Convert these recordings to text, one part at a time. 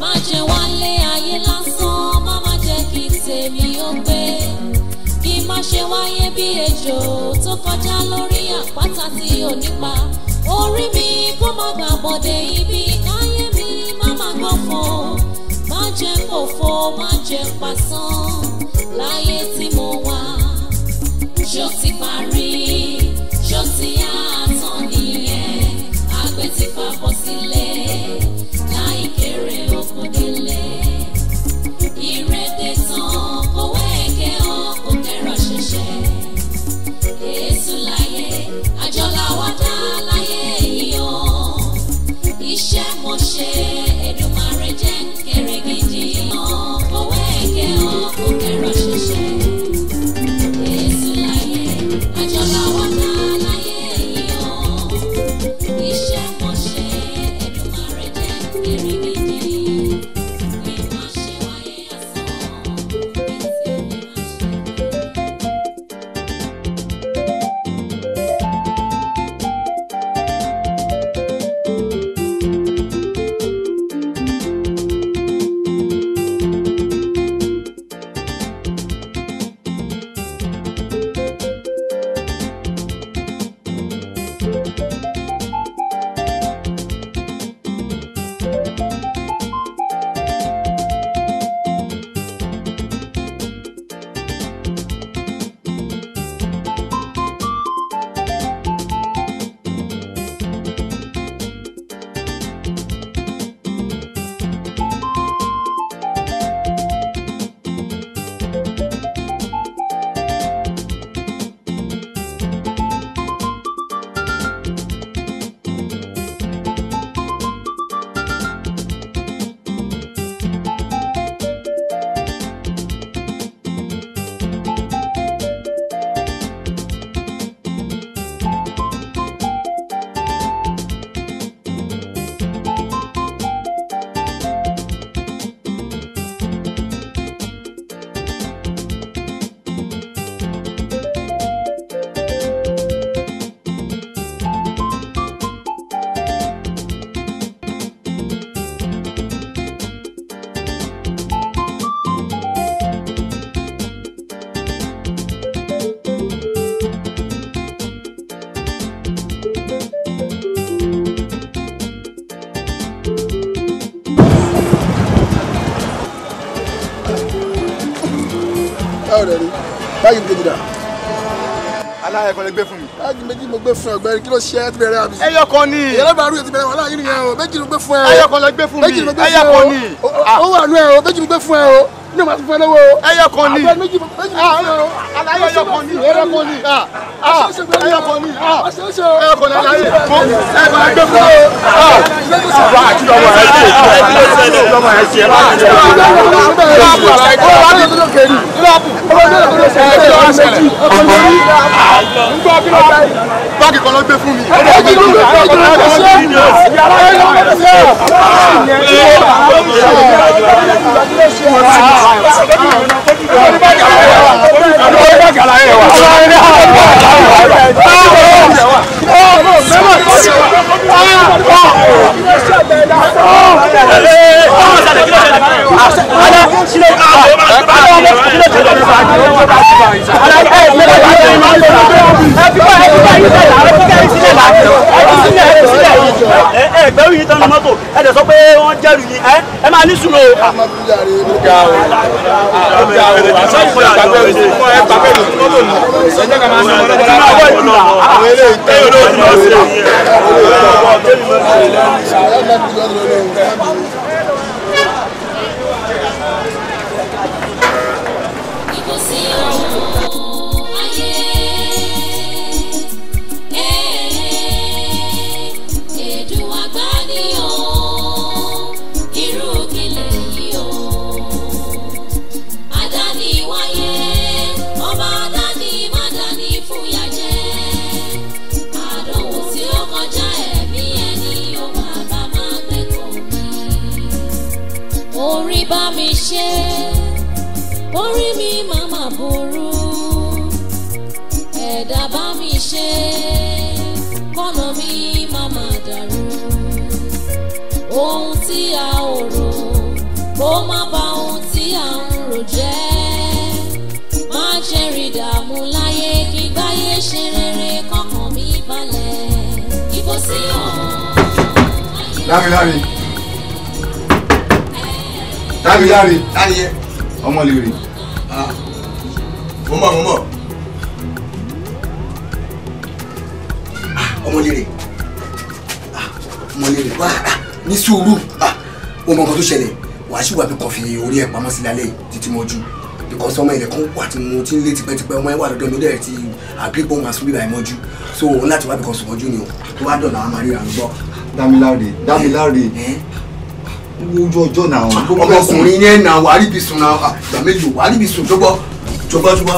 má jẹ́ wálé ayé lásán má má jẹ́ kí tèmi ó gbé kí má ṣe wáyé bí ejò tó kọjá lórí àpáta orí mi kó má gbà bọ̀dé ibi káyé mi má má gbọ́fọ̀ má jẹ́ kòfo má jẹ́ pàṣán láyé tí mo wà ṣó ti parí. báàgì kejì dà. aláyẹ kan lè gbé fún mi. báàgì méjì mo gbé fún ọ̀gbẹ́ni kí ló ṣe ẹ ti bẹ̀rẹ̀ àbí. ẹyọ kan ni. ìyẹlẹ bá arúgbó ti bẹ̀rẹ̀ wàhálà yìí nìyẹn o méjì ló gbé fún ẹ o. ẹyọ kan lè gbé fún mi ẹyọ kan ni. ó wà nù ẹ o méjì ló gbé fún ẹ o ní ma ti fún ẹ lọ́wọ́ o. ẹyọ kan ni. àbẹ méjì méjì ló fún ẹ o. Ah, ah, aláyẹ ẹyọ kan ni ẹyọ kan ni. ẹyọ ah, kan ni ẹyọ kan ni aláyẹ. ẹ bá gbé fún ẹ o. wà á ti lọ́wọ́ ẹ ṣe é lọ́wọ́ ẹ ṣe é báàgì kan ló gbé fún mi. ìgbẹ́rù yìí tán ní mọ́tò ẹ dẹ̀ sọ pé wọ́n jẹ́rù yìí ẹ ẹ máa ní sùúrù o. ẹ máa dámiláre dámiláre táyẹ ọmọ lèrè. Ah. mo mọ̀ mo mọ̀ ah, ọmọ lèrè ah, ọmọ lèrè wá ní sùúrù o mọ̀ nǹkan tó ṣẹlẹ̀ wàá ṣì wà bí kò fi orí ẹ̀ pamọ́ sí lálẹ́ títí mọ́jú because ọmọ ilẹ̀ kan wà tí mo ti ń lé tipẹ́tipẹ́ ọmọ ẹ̀ lọ́dọ̀ mi ó dẹ̀ ti àgbégbó wọn àsúbíbà ẹ̀ mọ́jú so òun láti wá bí kò sùn mọ́jú ni o tó wá dọ̀nà àmàlẹ́ ìrànlọ́gbọ́ Dámiláre eh? Dámiláre eh? ojú ọjọ́ náà ah, ọmọkùnrin yẹn náà wàá rí ibi sùn náà àgbà méjì wàá rí ibi sùn tó gbọ́ tó gbọ́ tó gbọ́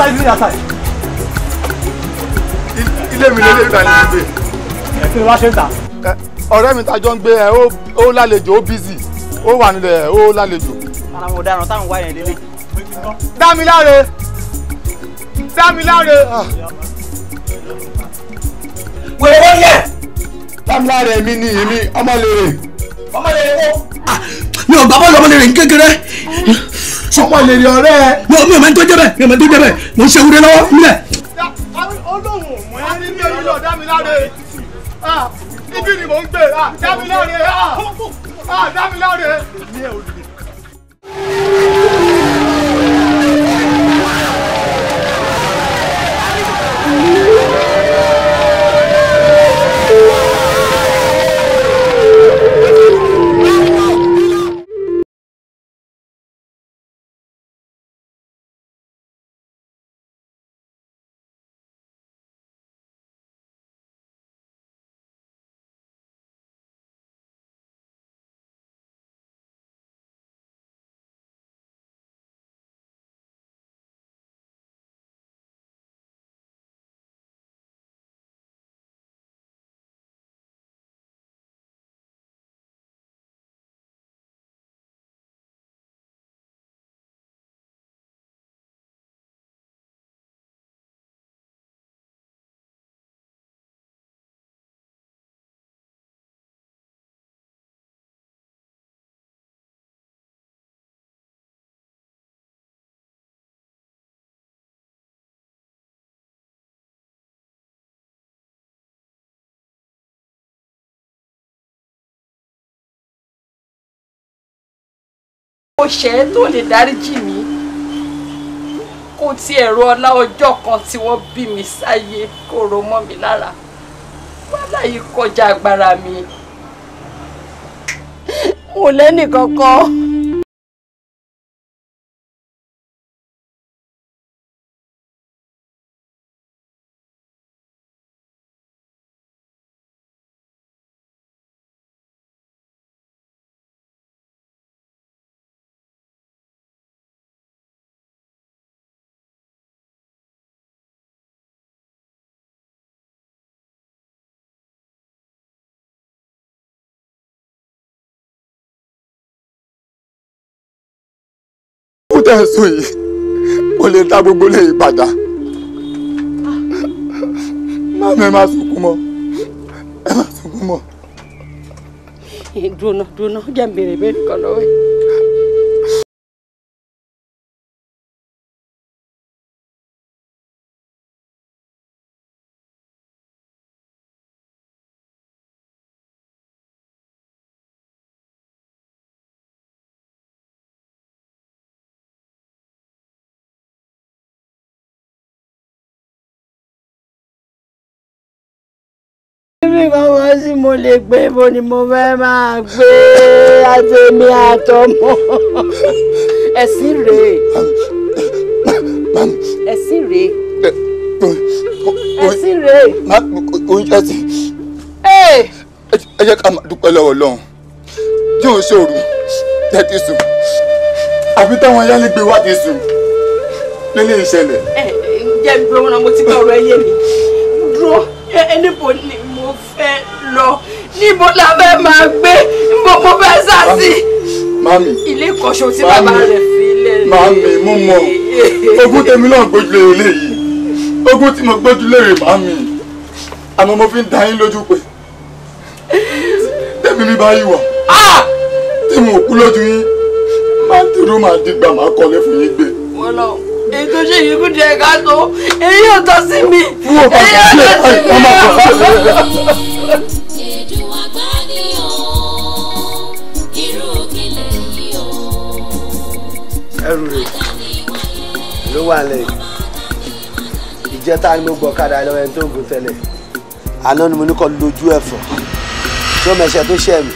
Nobody do that time. Ilé mi lè lè gbà ní gbé. Ẹ̀sìn wá ṣe ń tà. Ọ̀rẹ́ mi tajọ́ ń gbé ẹ̀ ó lálejò ó bízì ó wà nílẹ̀ ó lálejò. Àwọn ọ̀daràn táwọn wá yẹn lélẹ̀. Dámiláre! Dámiláre! Ah. Wèrè yẹ! Dámiláre mi ni èmi ọmọlèrè. Ọmọlèrè wo? Ah, mi ò gbà bọ́ọ̀lù ọmọlèrè ní kékeré ọ̀pọ̀ lèrè ọ̀rẹ́ ẹ. mi ò mọ̀ tó jẹ́ bẹ́ẹ̀ mi ò mọ̀ tó jẹ́ bẹ́ẹ̀ mo ń ṣe wúre lọ́wọ́ nílẹ̀. olóhùn mọ ah, ni mò ń gbé ah, dá mi mo ṣẹ̀ ẹ́ tó lè dáríjì mí kó tí ẹ̀rọ ọlá ọjọ́ kan tí wọ́n bí mi sáyé kó mọ́ mi lára wàhálà yìí kọjá agbára mi mo lẹ́nìkankan. ikú tẹ̀ sùn yìí ó lè dá gbogbo lè padà mami ẹ má sunkún mọ́ ẹ má sunkún mọ́. dùnà dùnà jẹ́ ń bèrè bẹ́ẹ̀ nìkan lọ́wọ́ bí kankan sì mo lè gbé bo ni mo fẹ́ máa gbé àtẹ̀mí àtọmọ ẹ̀sìn rèé ẹ̀sìn rèé ẹ̀sìn rèé. oúnjẹ ti ẹ jẹ́ ká máa dúpẹ́ lọ́wọ́ Ọlọ́run yóò ṣòro tẹ́tí sùn àbí táwọn ayálégbé wá ti sùn lélẹ́yìn ìṣẹ̀lẹ̀. ẹ ẹ jẹ́ ìgbé wọn náà mo ti gbọ́ ọ̀rọ̀ ẹ yé mi dúró ẹ níbo ni mo fẹ́ lọ níbo la fẹ́ máa gbé níbo mo fẹ́ sá sí. mami ilé ìkọ́ṣọ́ tí bàbá rẹ̀ fi lẹ̀ mami mo mọ ogún tèmi náà gbójúlé eléyìí ogún tí mo gbójúlé rè mami àmọ́ mo fi ń dá yín lójú pé tèmi mi bá yìí wà tí mo kú lójú yín máa ń tẹ̀rù máa dìgbà máa kọ́lé fún yín gbé. wọ́n lọ èyí tó ṣe yìí kúndé ẹ̀ka tó èyí ò tọ́ sí mi èyí ò tọ́ sí mi. ẹrù rẹ̀ ló wà lẹ̀ ìjẹta ni mo gbọ́ kadà lọ́wọ́ ẹni tó ń gun tẹ́lẹ̀ àná ni mo ní kọ́ lójú ẹ̀fọ́ tí ó mẹ̀ṣẹ̀ tó ṣẹ̀ mí.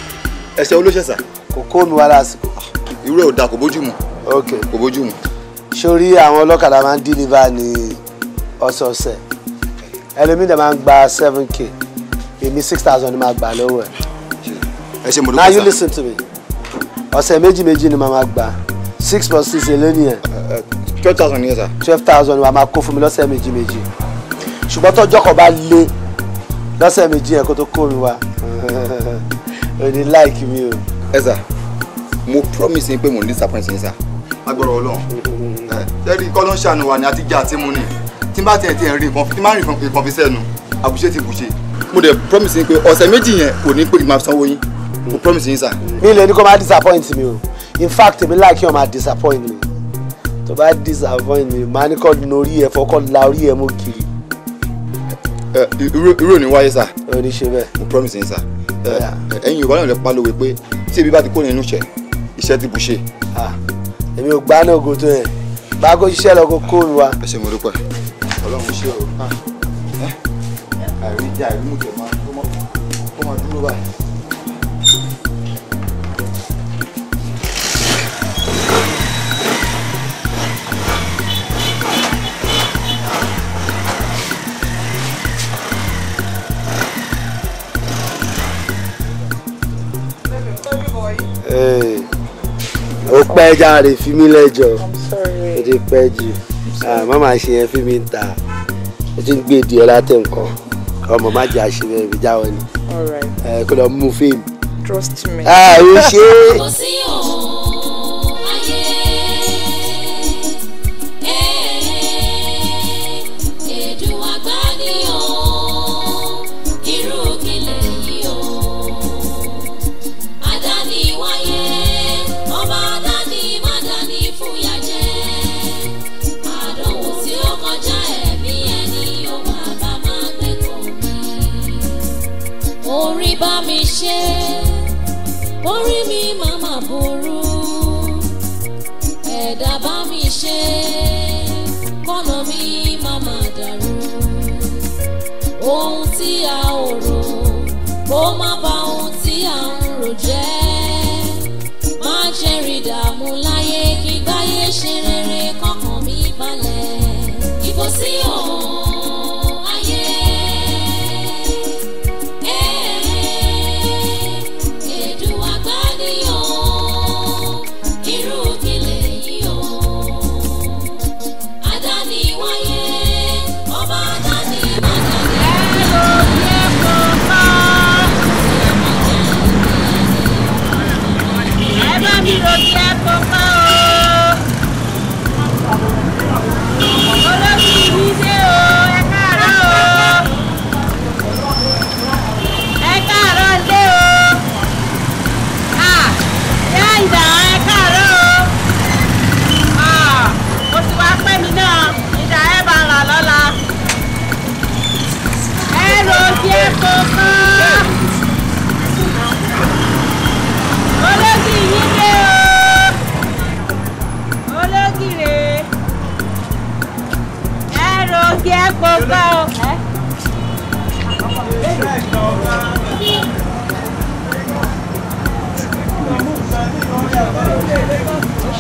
ẹ̀ṣẹ̀ olóṣèṣà. kò kó mi lásìkò. irú ò dáa kò bójú mu. ok kò bójú mu sórí àwọn ọlọ́kadà máa ń dìlíva ní ọ̀sọ̀ọ̀sẹ̀ ẹlòmíì dẹ̀ máa ń gba seven k èmi six thousand ni máa gbà lọ́wọ́ ẹ̀. ẹ ṣe mo dúpẹ́ sá now you listen to me ọ̀sẹ̀ méjì méjì ni màá máa gbà six plus six èlé nìyẹn. twelve thousand nìyẹn sá. twelve thousand ni wàá máa kó fún mi lọ́sẹ̀ méjì méjì ṣùgbọ́n tọ́jọ́ kan bá lé lọ́sẹ̀ méjì yẹn kó tó kó mi wá ò ní láìkí mi o. ẹ sà mo promise yín pé mo ní disappoint yín sà agbọ̀rọ̀ ọlọ́run ẹ sẹ́rí kọ́ ló ń ṣàánú wa ni àti jẹ́ àti mú ni tí n bá tiẹ̀ tiẹ̀ rí nǹkan tí má rí nǹkan fi sẹ́nu àbùṣe ti bùṣe mo dẹ̀ promise yín pé ọ̀sẹ̀ méjì yẹn kò ní pé kí n máa sanwó yín mo promise yín sà. mi lè ní kó máa disappoint mi o in fact èmi láì kí wọn máa disappoint mi tó bá disappoint mi máa ní kọ́ norí ẹ̀ fọ́kọ́ la orí ẹ̀ mọ́ kiri irú òní wáyé sá. o ní ṣe bẹ́ẹ̀. mo promise yín sá. ẹ̀yin yorùbá náà lè pa lówe pé tí ebi bá ti kó nínú iṣẹ́ iṣẹ́ ti bù ṣe. Ah èmi ò gbá náà ògo tó yẹn bá kó ṣiṣẹ́ lọ kó kó mi wá. ẹ ṣe mo dúpẹ́ ọlọ́run ṣe o ah. àìrí jà ìlú mùkẹ́ máa kó máa dúró báyìí ó pẹ́ járe fi mí lẹ́jọ́ ó ti pẹ́ jù má máa ṣe yẹn fi mí ta ó ti ń gbé di ọlá tẹ̀ nǹkan ọmọ má jẹ́ àṣírí ẹ̀mí jáwọ́ ni kó lọ mú fíìmù. trust me. ah o ṣe Oh my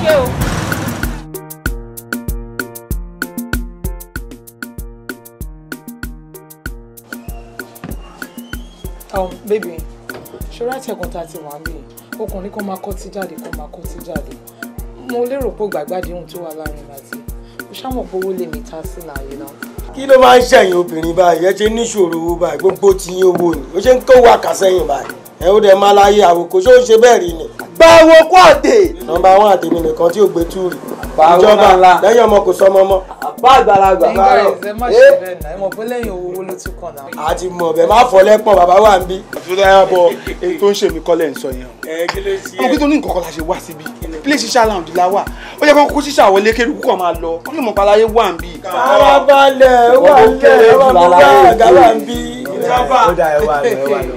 ṣe o. Um, baby ṣọ́ra tẹ̀gùn tá a ti wà ń bì ọkùnrin kan máa kọ́ tí jáde kan máa kọ́ tí jáde mo lérò pé gbàgbádé ohun tó wà láàrin àti mo ṣàmọ̀ pé owó lè mi ta sí láàyè náà. kí ló máa ń ṣẹ̀yìn obìnrin báyìí ẹ ṣe níṣòro owó báyìí gbogbo ti yín owó ni ó ṣe ń kó wà kásẹ̀yìn báyìí ẹ ó dẹ̀ máa láyé àwòkọ́ ṣé ó ṣe bẹ́ẹ̀ rí ni pariwo kú àtè. nọ́mbà wọn àtèmi nìkan tí ò gbé túùrì ìjọba lẹ́yìn ọmọ kò sọ ọmọ mọ́. àbá àgbàlagbà. ẹ̀yin bá ẹ̀fẹ́ má ṣe eh? bẹ́ẹ̀ náà ẹ mọ̀ pé lẹ́yìn owó ló tún kàn náà. a ti mọ̀ bẹ́ẹ̀ má fọ lẹ́pọ̀n bàbá wa ń bí. ìfúnra yà bọ èyí tó ń ṣèmí kọ́lẹ̀ ń sọ yẹn o. ẹ kí ló ṣe é. mo kí tó ní nǹkan kan la ṣe wá síbi ilé ṣiṣẹ́ aláǹdì la wà ó yẹ kó kó ṣiṣẹ́ àwọn elékeré kúkọ̀ máa lọ ó ní mọ̀ palayé wà ń bí. farabalẹ̀ wà ń bẹ̀ wà ń bẹ̀ àgàlà ń bí. ìjọba ó dà ẹ wà lọ ẹ wà lọ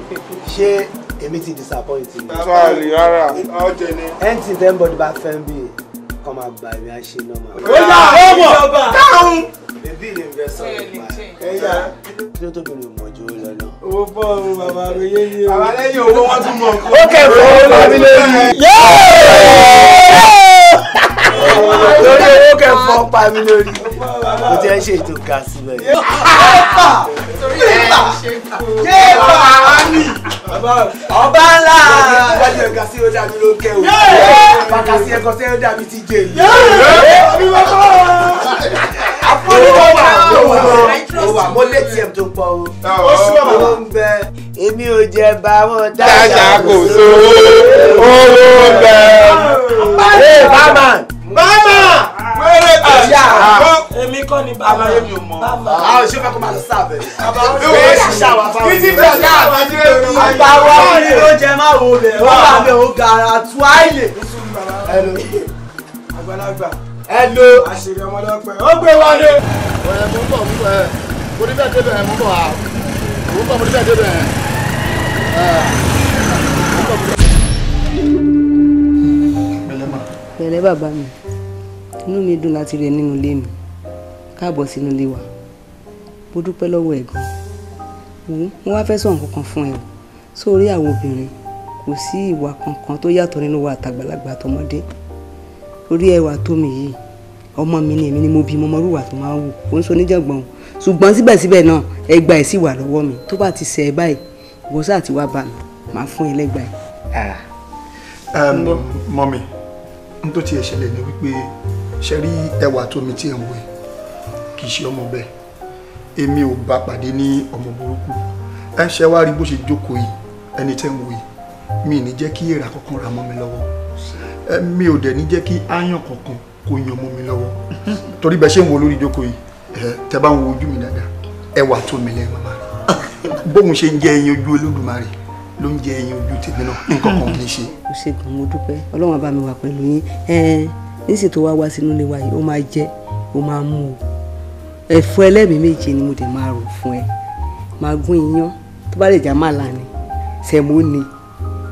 ṣé èmi ti disappoint mi. sọ́ọ̀lì rárá ọ̀jẹ̀ ni. ẹ̀ǹtì tẹ́ǹbọ̀dì bá fẹ́ ń bì kọ́ máa gba ìwé àṣẹ nọ́mà. ó yà ọmọ dáhùn. bèbí ni nfẹ sọ nípa ẹ yà. kí ló tóbi lè mọ̀jú ó lọ náà. owó bọ́ ọ̀run bàbá mi yé ni o. bàbá lẹ́yìn owó wọn tún mọ̀ ó kẹfọ́ ó bá mi lé mi. lórí owó kẹfọ́ pa mi lórí. mo ti ẹ ṣe ètò ga síbẹ̀. yé bàbá ami ọba ńlá ìwádìí ẹ̀ka sí ó dàbí ló kẹ́ o bàtà sí ẹ̀kọ́ sí ó dàbí ti jẹ yìí. àfọwọ́wà òwà mo lé tiẹ̀ tó pọ̀ o ó súnmọ́ mo ń bẹ èmi ò jẹ bá wọn dáadáa kò sówó owó ń bẹ. bàmà bàmà wẹ́rẹ́ àyà èmi kọ́ ni bàbá yẹn mi ò mọ̀. a ò ṣe fẹ́ kó máa lọ sáàbẹ̀. bàbá wọn fi wọ́n ṣiṣẹ́ àwọn afáwọn. títí tí ọ̀gá àbájẹ́ omi. àgbà wa ò ló jẹ máa wo bẹ̀ wọ́n bá bẹ̀ ó gara tu àìlè. ẹ̀lò àgbàlagbà. ẹ̀lò àṣírí ọmọdọ́pẹ́ ó gbé wọlé. ọ̀rẹ́ bàbá mi inú mi dùn láti rí ẹ nínú ilé mi káàbọ̀ sínú ilé wa mo dúpẹ́ lọ́wọ́ ẹ̀ gan wo mo wá fẹ́ sọ nǹkan kan fún ẹ o sórí àwọn obìnrin kò sí ìwà kankan tó yàtọ̀ nínú wa àtàgbàlagbà àtọmọdé orí ẹwà tó mi yìí ọmọ mi ni èmi ni mo bí mo mọrú wà tó máa wù kó ń so níjàngbọ̀n ṣùgbọ́n síbẹ̀síbẹ̀ náà ẹgbà ẹ̀ sì wà lọ́wọ́ mi tó bá ti ṣe ẹ báyìí ìwọ sáà ti wá bá mi màá fún ẹ lẹ́gbà ẹ̀. Ah. mọ́mi n tó tiẹ̀ ṣẹlẹ̀ ni wípé ṣe rí ẹwà tómi tí ẹ ń wò ẹ kì í ṣe ọmọ bẹ́ẹ̀ èmi ò bá pàdé ní ọmọ burúkú ẹ ṣe wá rí bó ṣe jókòó yìí ẹni tẹ́ ń wò yìí mi ì ní jẹ́ kí èrà kankan ra mọ́ mi lọ́wọ́ mi ò dẹ̀ ní jẹ́ kí áyàn kankan kò yan mọ́ mi lọ́wọ́ torí bẹ́ẹ̀ ṣe ń wo lórí jókòó yìí tẹ́ bá ń wo ojú mi dáadáa ẹwà tómi lẹ́yìn màmá bóun ṣe ń jẹ ẹyin ojú Olódùmarè ló ń jẹ ẹyin ojú tèmi náà nǹkan kan kì í ṣe. òṣègùn mo dúpẹ́ ọlọ́run bá mi wà pẹ̀lú yín nísìnyí tó wá wá sínú ilé wa yìí ó máa jẹ ó máa mú o ẹ̀fọ́ ẹlẹ́mìí méje ni mo dẹ̀ máa rò fún ẹ máa gún iyán tó bá lè jẹ́ àmàlà ni sẹ̀mó ni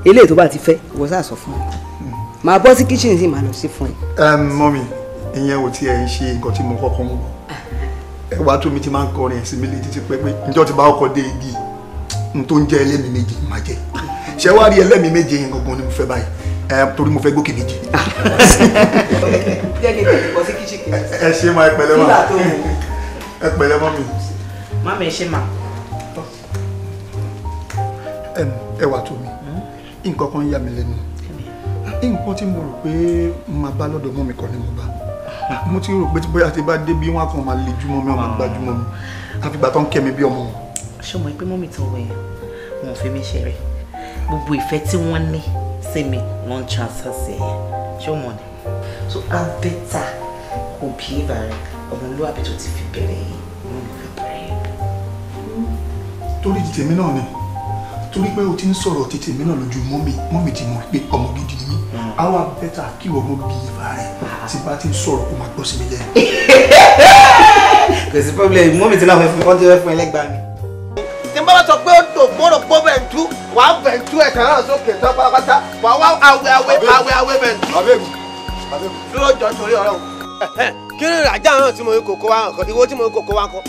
eléyìí tó bá ti fẹ́ ìwọ sá sọ fún mi máa bọ́ sí kíchìn sí máa lọ sí fún ẹ. mọ́mí ìyẹn ò tiẹ̀ ń ṣe nǹkan tí mo kọ́kọ́ ń wọ̀ ẹ wá tó mi ti máa ń kọrin ẹ̀sìn mi létí ti pẹ́ pé njọ́ ti bá ọkọ̀ dé igi n tó ń jẹ́ ẹlẹ́mìí méje máa jẹ ṣé wàá rí ẹlẹ́mìí méje yẹn gangan ni mo fẹ́ báyìí ẹ torí mo fẹ́ gòkè méjì. ẹ ṣe máa ẹ pẹ̀lẹ́ máa ẹ pẹ̀lẹ́ mọ́ mi. má mi ṣe mà. ẹ wà tó mi nǹkan kan yà mí lẹ́nu nǹkan tí mo rò pé màá bá lọ́dọ̀ mọ́ mi kọ́ ni mo bá mo ti rò pé tí bóyá ti bá dé bí wọn kàn máa le jùmọ̀ mi ọmọ gbajúmọ̀ mi àfìgbà tó ń kẹ́ mi bí ọmọ wọn. ṣé mo pé mọ́mì tó wẹ̀ yẹn wọn ò fi mí ṣeré gbogbo ìfẹ́ tí wọ́n ní sẹ́mi ló ń transfer sí ẹ̀yẹ ṣé o mọ̀ ni so i'm better kò bí ìbára ọmọlúwàbí tó ti fi bẹ̀rẹ̀ yìí ló ń fi bẹ̀rẹ̀ yìí. torí ti tèmi náà ni torí pé o ti ń sọ̀rọ̀ ti tèmi náà lójú mọ́mì mọ́mì ti mọ̀ pé ọmọ gidi ni mí mm. àwa bẹ́tà kí ọmọ bí ìbára ah. tí bá ti ń sọ̀rọ̀ kó máa gbọ́ sí mi lẹ́nu. kò sí problem mọ́mì ti náà fẹ́ fún ẹ lẹ́gbàá mi. tí n bá wá sọ pé ó dò gbọ́dọ̀ gbọ́ bẹ́ẹ̀ wàá bẹ̀ntú ẹ̀ka náà sókè tán pátápátá wàá wá awé awé awé awé bẹ̀ntú. àbẹ̀bù àbẹ̀bù. dúró jọ torí ọ̀rọ̀ kí ni ìrajà náà tí mo ń kókó wa nǹkan ìwo tí mo ń kókó wa kọ.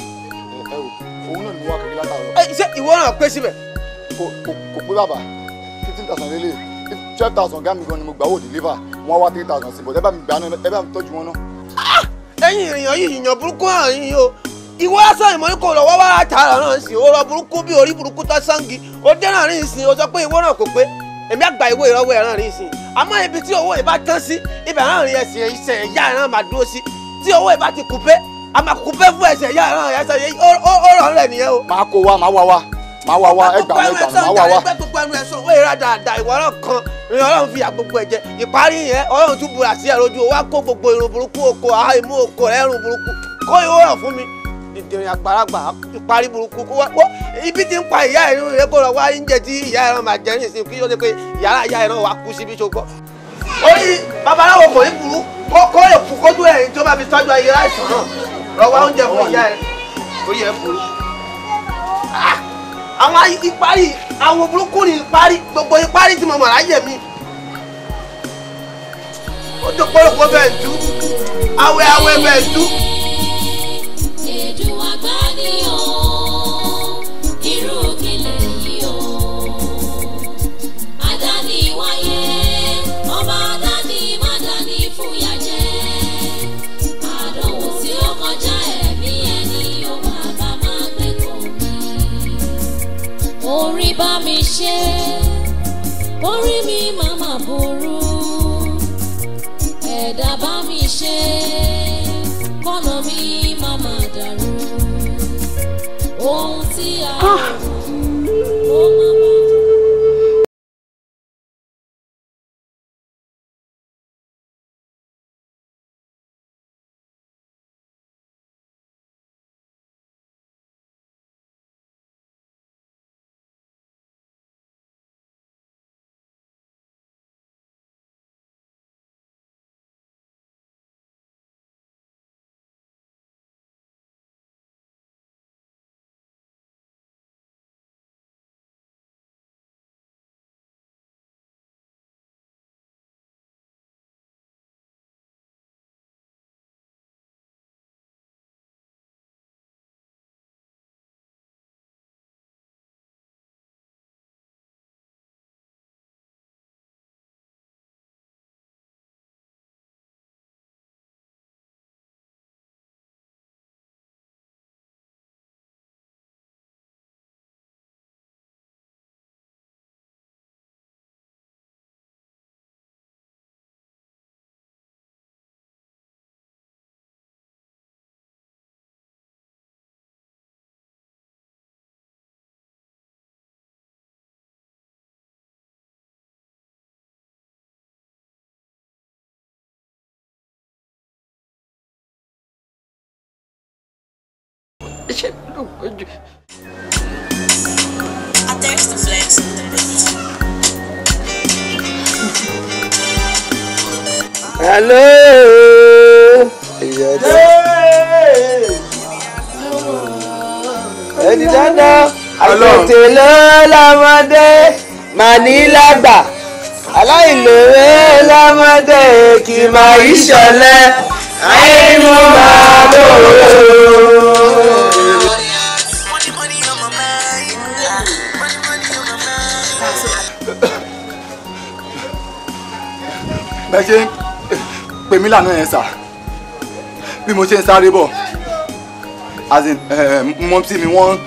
òun náà ni wọ́n kékeré látàrọ. ṣé ìwọ náà pé síbẹ̀. kò kò pé bàbá fifteen thousand lélẹ̀ twelve thousand gámi gan ni mo gbà wò deliver wọ́n wá three thousand sí bọ̀ ẹ bá mi gbà náà ẹ bá mi tọ́jú wọn náà. Ah! ẹ̀yin èèyàn yìí yìnyín burúkú àárín yìí o ìwọ aṣọ ìmọ̀lẹ́kọ̀ lọ́wọ́ wá tààrà náà sí òrò burúkú bí orí burúkú tó sangi ó dẹ́ràn rí ìsìn o sọ pé ìwọ náà kò pé èmi àgbà ìwé ìrọ́wọ́ ẹ̀ràn rí ìsìn àmọ́ ibi tí owó ìbá tán sí ibẹ̀ náà rí ẹsẹ̀ iṣẹ́ ìyá ẹ̀ràn máa dúró sí tí owó ìbá ti kù pé a máa kù pé fún ẹsẹ̀ ìyá ẹ̀ràn ẹsẹ̀ ó rọ̀ ńlẹ̀ nìyẹn o. máa kó wa máa wá wa máa wá wa ẹgbà ẹgbà máa fi àgbogbo ẹ̀jẹ̀ ìparí yẹn ọlọ́run tún bu àṣìyà lójú wa kó gbogbo irun burúkú oko àìmú oko ẹ̀rùn burúkú kó ìwọ́ràn fún mi dìndìnrín àgbàlagbà parí burúkú kó wá ibi tí ń pa ìyá ẹ̀ nínú ìrẹ́kọ̀ rẹ̀ wá ń jẹ tí ìyá ẹ̀rọ máa jẹ nísìn kí ó lè pe yàrá ìyá ẹ̀rọ wa kú síbi ṣogbọ́. ó ní babaláwo kò ní burú kó kó lè kú kójú ẹ̀yìn tó máa fi tọ́jú ayé láìsàn náà lọ wá oúnjẹ fún ìyá ẹ̀ ó yẹ burú. Ah! àwọn ìparí àwọn burúkú ni ìparí gbogbo ìparí tí mo mọ̀ láyé mi ó tó pọ́lọ́pọ́ bẹ́ẹ̀ tú àwẹ̀ àwẹ̀ bẹ́ẹ̀ tú dùn àgbáni o irú kílẹ̀ yìí o. àdáni wáyé ọba àdáni má dáni fúyà jẹ àdánwò tí o bàbá má gbẹ̀kọ̀ mi. orí bá mi mi má má burú ẹ̀dá bá Oh. ṣe ló pọ̀jù. attached to flames on the bed. hello. ẹni dáná àtẹ̀tẹ̀ ló lọ́mọdé mànílá gbà aláìlówó kì máa rí ṣọ̀lẹ ayé ni mo máa bò ẹ ṣe ń pè mí lànà yẹn sà bí mo ṣe ń sáré bọ̀ as in eh, mọ́tì mi wọ́n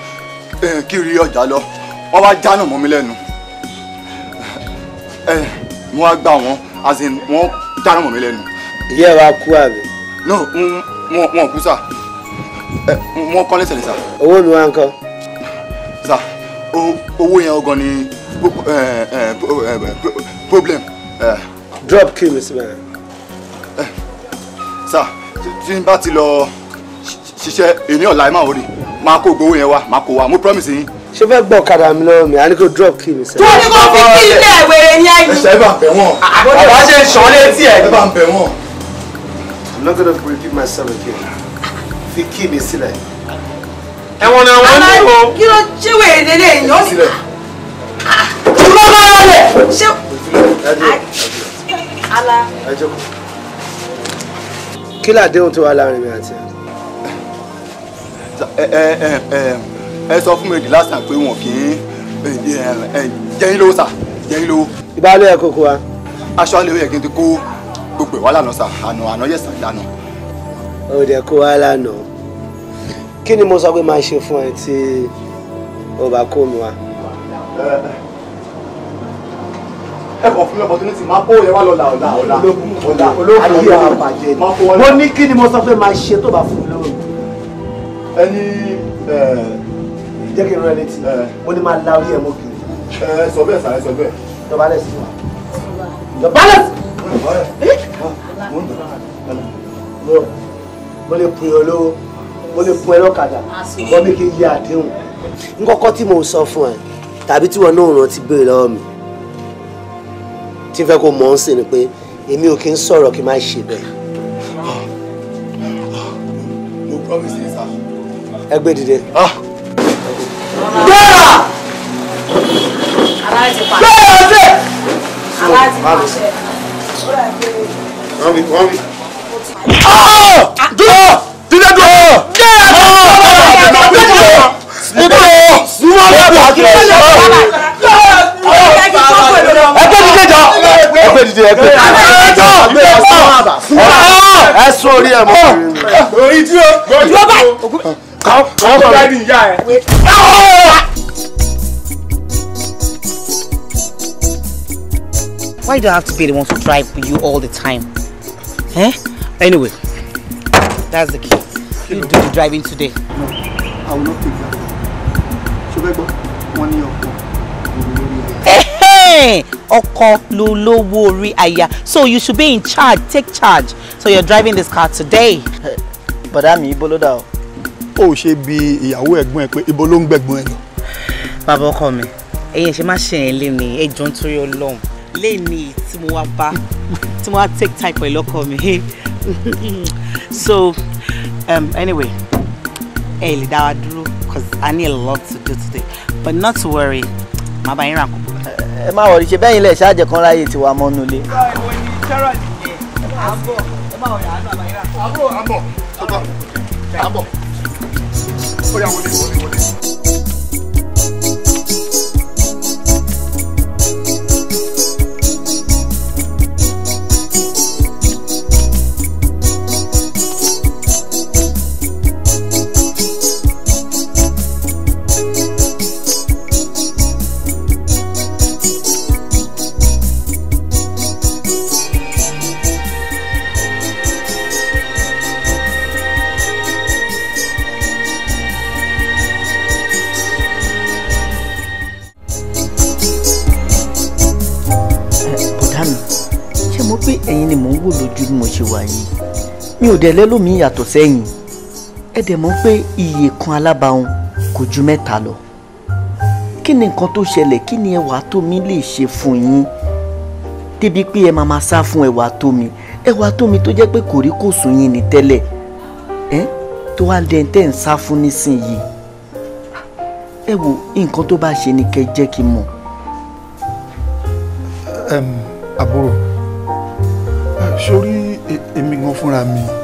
eh, kiri ọjà lọ wọ́n wá jánà mọ́ mi lẹ́nu eh, mo wá gbà wọ́n as in wọ́n jánà mọ́ mi lẹ́nu. ìyá wa kú àbí. no wọn kú sà wọn kọ́ lẹ́sẹ̀ lẹ́sà. owó mi wá ń kọ́. sà owó yẹn ọgàn ni problem. Uh, drop kí mi síbẹ̀. sà tí n bá ti she ṣiṣẹ́ èmi ọ̀la ẹ̀ máa wọlé máa kó gbowó yẹn wá máa kó wá mo promise yín. ṣé fẹ́ gbọ́ ọ̀kadà mi lọ́wọ́ mi drop kí mi síbẹ̀. tó ní kó fi kí ilé ìwéré ní ẹ̀yìn. ẹ̀ṣẹ̀ bá ń bẹ̀ wọ́n ah, ah, àbá ṣe ń ṣan létí ẹ̀. ẹ̀ṣẹ̀ bá ń bẹ̀ I'm not gonna repeat myself again. fi kí mi sílẹ̀. ẹ̀wọ̀n náà wọ́n ní o. kí ló ṣe wèrè lélẹ̀ yìí ó sì. ìlú bá wọlé. ṣé ala. ẹ jókòó kí làdéhùn tó wà láàrin mi àti ẹ. ẹ ẹ ẹ ẹ sọ fún mi di last time pé wọn kì í jẹyìn lówó sà jẹyìn lówó. ìbálẹ̀ ẹ̀ kókó wa. aṣọ àlẹ́ òye kí n ti kó gbogbo ẹ̀ wá lánàá sà àná àná yẹ̀ sàn lánàá. ó dẹ̀ kó wa lánàá kí ni mo sọ pé máa ṣe fún ẹ tí o bá kó mi wá ẹ̀kọ́ fún mi ọ̀pọ̀ tó ní ti máa kó yẹn wá lọ là ọ̀la ọ̀la ọ̀la olóògùn ọ̀la bàjẹ́ mo ní kí ni mo sọ pé máa ṣe tó bá fún mi lóògùn. ẹni jẹ́ kí n rẹ létí mo ní máa la orí ẹ̀ mọ́ kiri. ẹ sọ bẹ́ẹ̀ sàrẹ́ sọ bẹ́ẹ̀. dọ̀bálẹ̀ sí wa dọ̀bálẹ̀ sí. mo lè pè ọ́ lówó mo lè pè ọ́ lọ́kadà wọ́n mi kì í yẹ àdéhùn. nkọ́kọ́ tí mo sọ fún ẹ tàbí tí wọn náà rántí béèrè lọ́wọ́ mi tí fẹ́ kó mọ̀ ọ́n sì ni pé èmi ò kí ń sọ̀rọ̀ kí n má ṣe bẹ́ẹ̀. no promise ni sir. ẹ gbé dìde. bẹ́ẹ̀ bẹ́ẹ̀ bẹ́ẹ̀. wọ́n wí wọ́n wí. dúró ẹ pé dídé ẹ pé dídé ẹ sún orí ẹ mọ́. orí tí o gbọ́dọ̀ tó kàn kàn bàbá mi ìyá ẹ. Why do I have to be the one to drive you all the time? Eh? Anyway, that's the key. You do the driving today. No, I will not take that. Ṣùgbọ́n wọ́n ní ọkọ. Eh, ọkọ lolówó orí aya so you should be in charge take charge so you're driving this car today. bàdá mi ibo ló dà o. ó ṣe bí ìyàwó ẹ̀gbọ́n ẹ pé ibo ló ń gbẹ̀gbọ́n ẹ lọ. bàbá ọkọ mi ẹ̀yin ṣe má ṣe ẹ̀ lé mi ẹ ń torí Ọlọ́run lé mi tí mo wá bá tí mo wá take time pẹ̀lú ọkọ mi so um, anyway ẹ lè dá wa dúró because I need a lot to do today but not to worry màá bá yín ra nǹkan ẹ má wọrí ṣe bẹ́yìn lẹ̀ ṣáàjẹ̀ kan láyè tí wàá mọ́nú ilé. àbọ̀ àbọ̀ àbọ̀ ó yà wọlé wọlé wọlé. dẹ̀ lẹ́lòmíì yàtọ̀ sẹ́yìn ẹ dẹ̀ mọ̀ pé iye kan alábàáhùn kò ju mẹ́ta lọ kí ni nǹkan tó ṣẹlẹ̀ kí ni ẹwà tó mi lè ṣe fún yín débi pé ẹ máa máa sá fún ẹwà tó mi ẹwà tó mi tó jẹ́ pé kò sùn yín ní tẹ́lẹ̀ ẹ tó wá dẹ̀ tẹ́ ń sá fún nísìnyìí ẹ wo nǹkan tó bá ṣe ni kẹ́ jẹ́ kí n mọ̀. àbúrò sórí e, èmi gan fúnra mi. Um,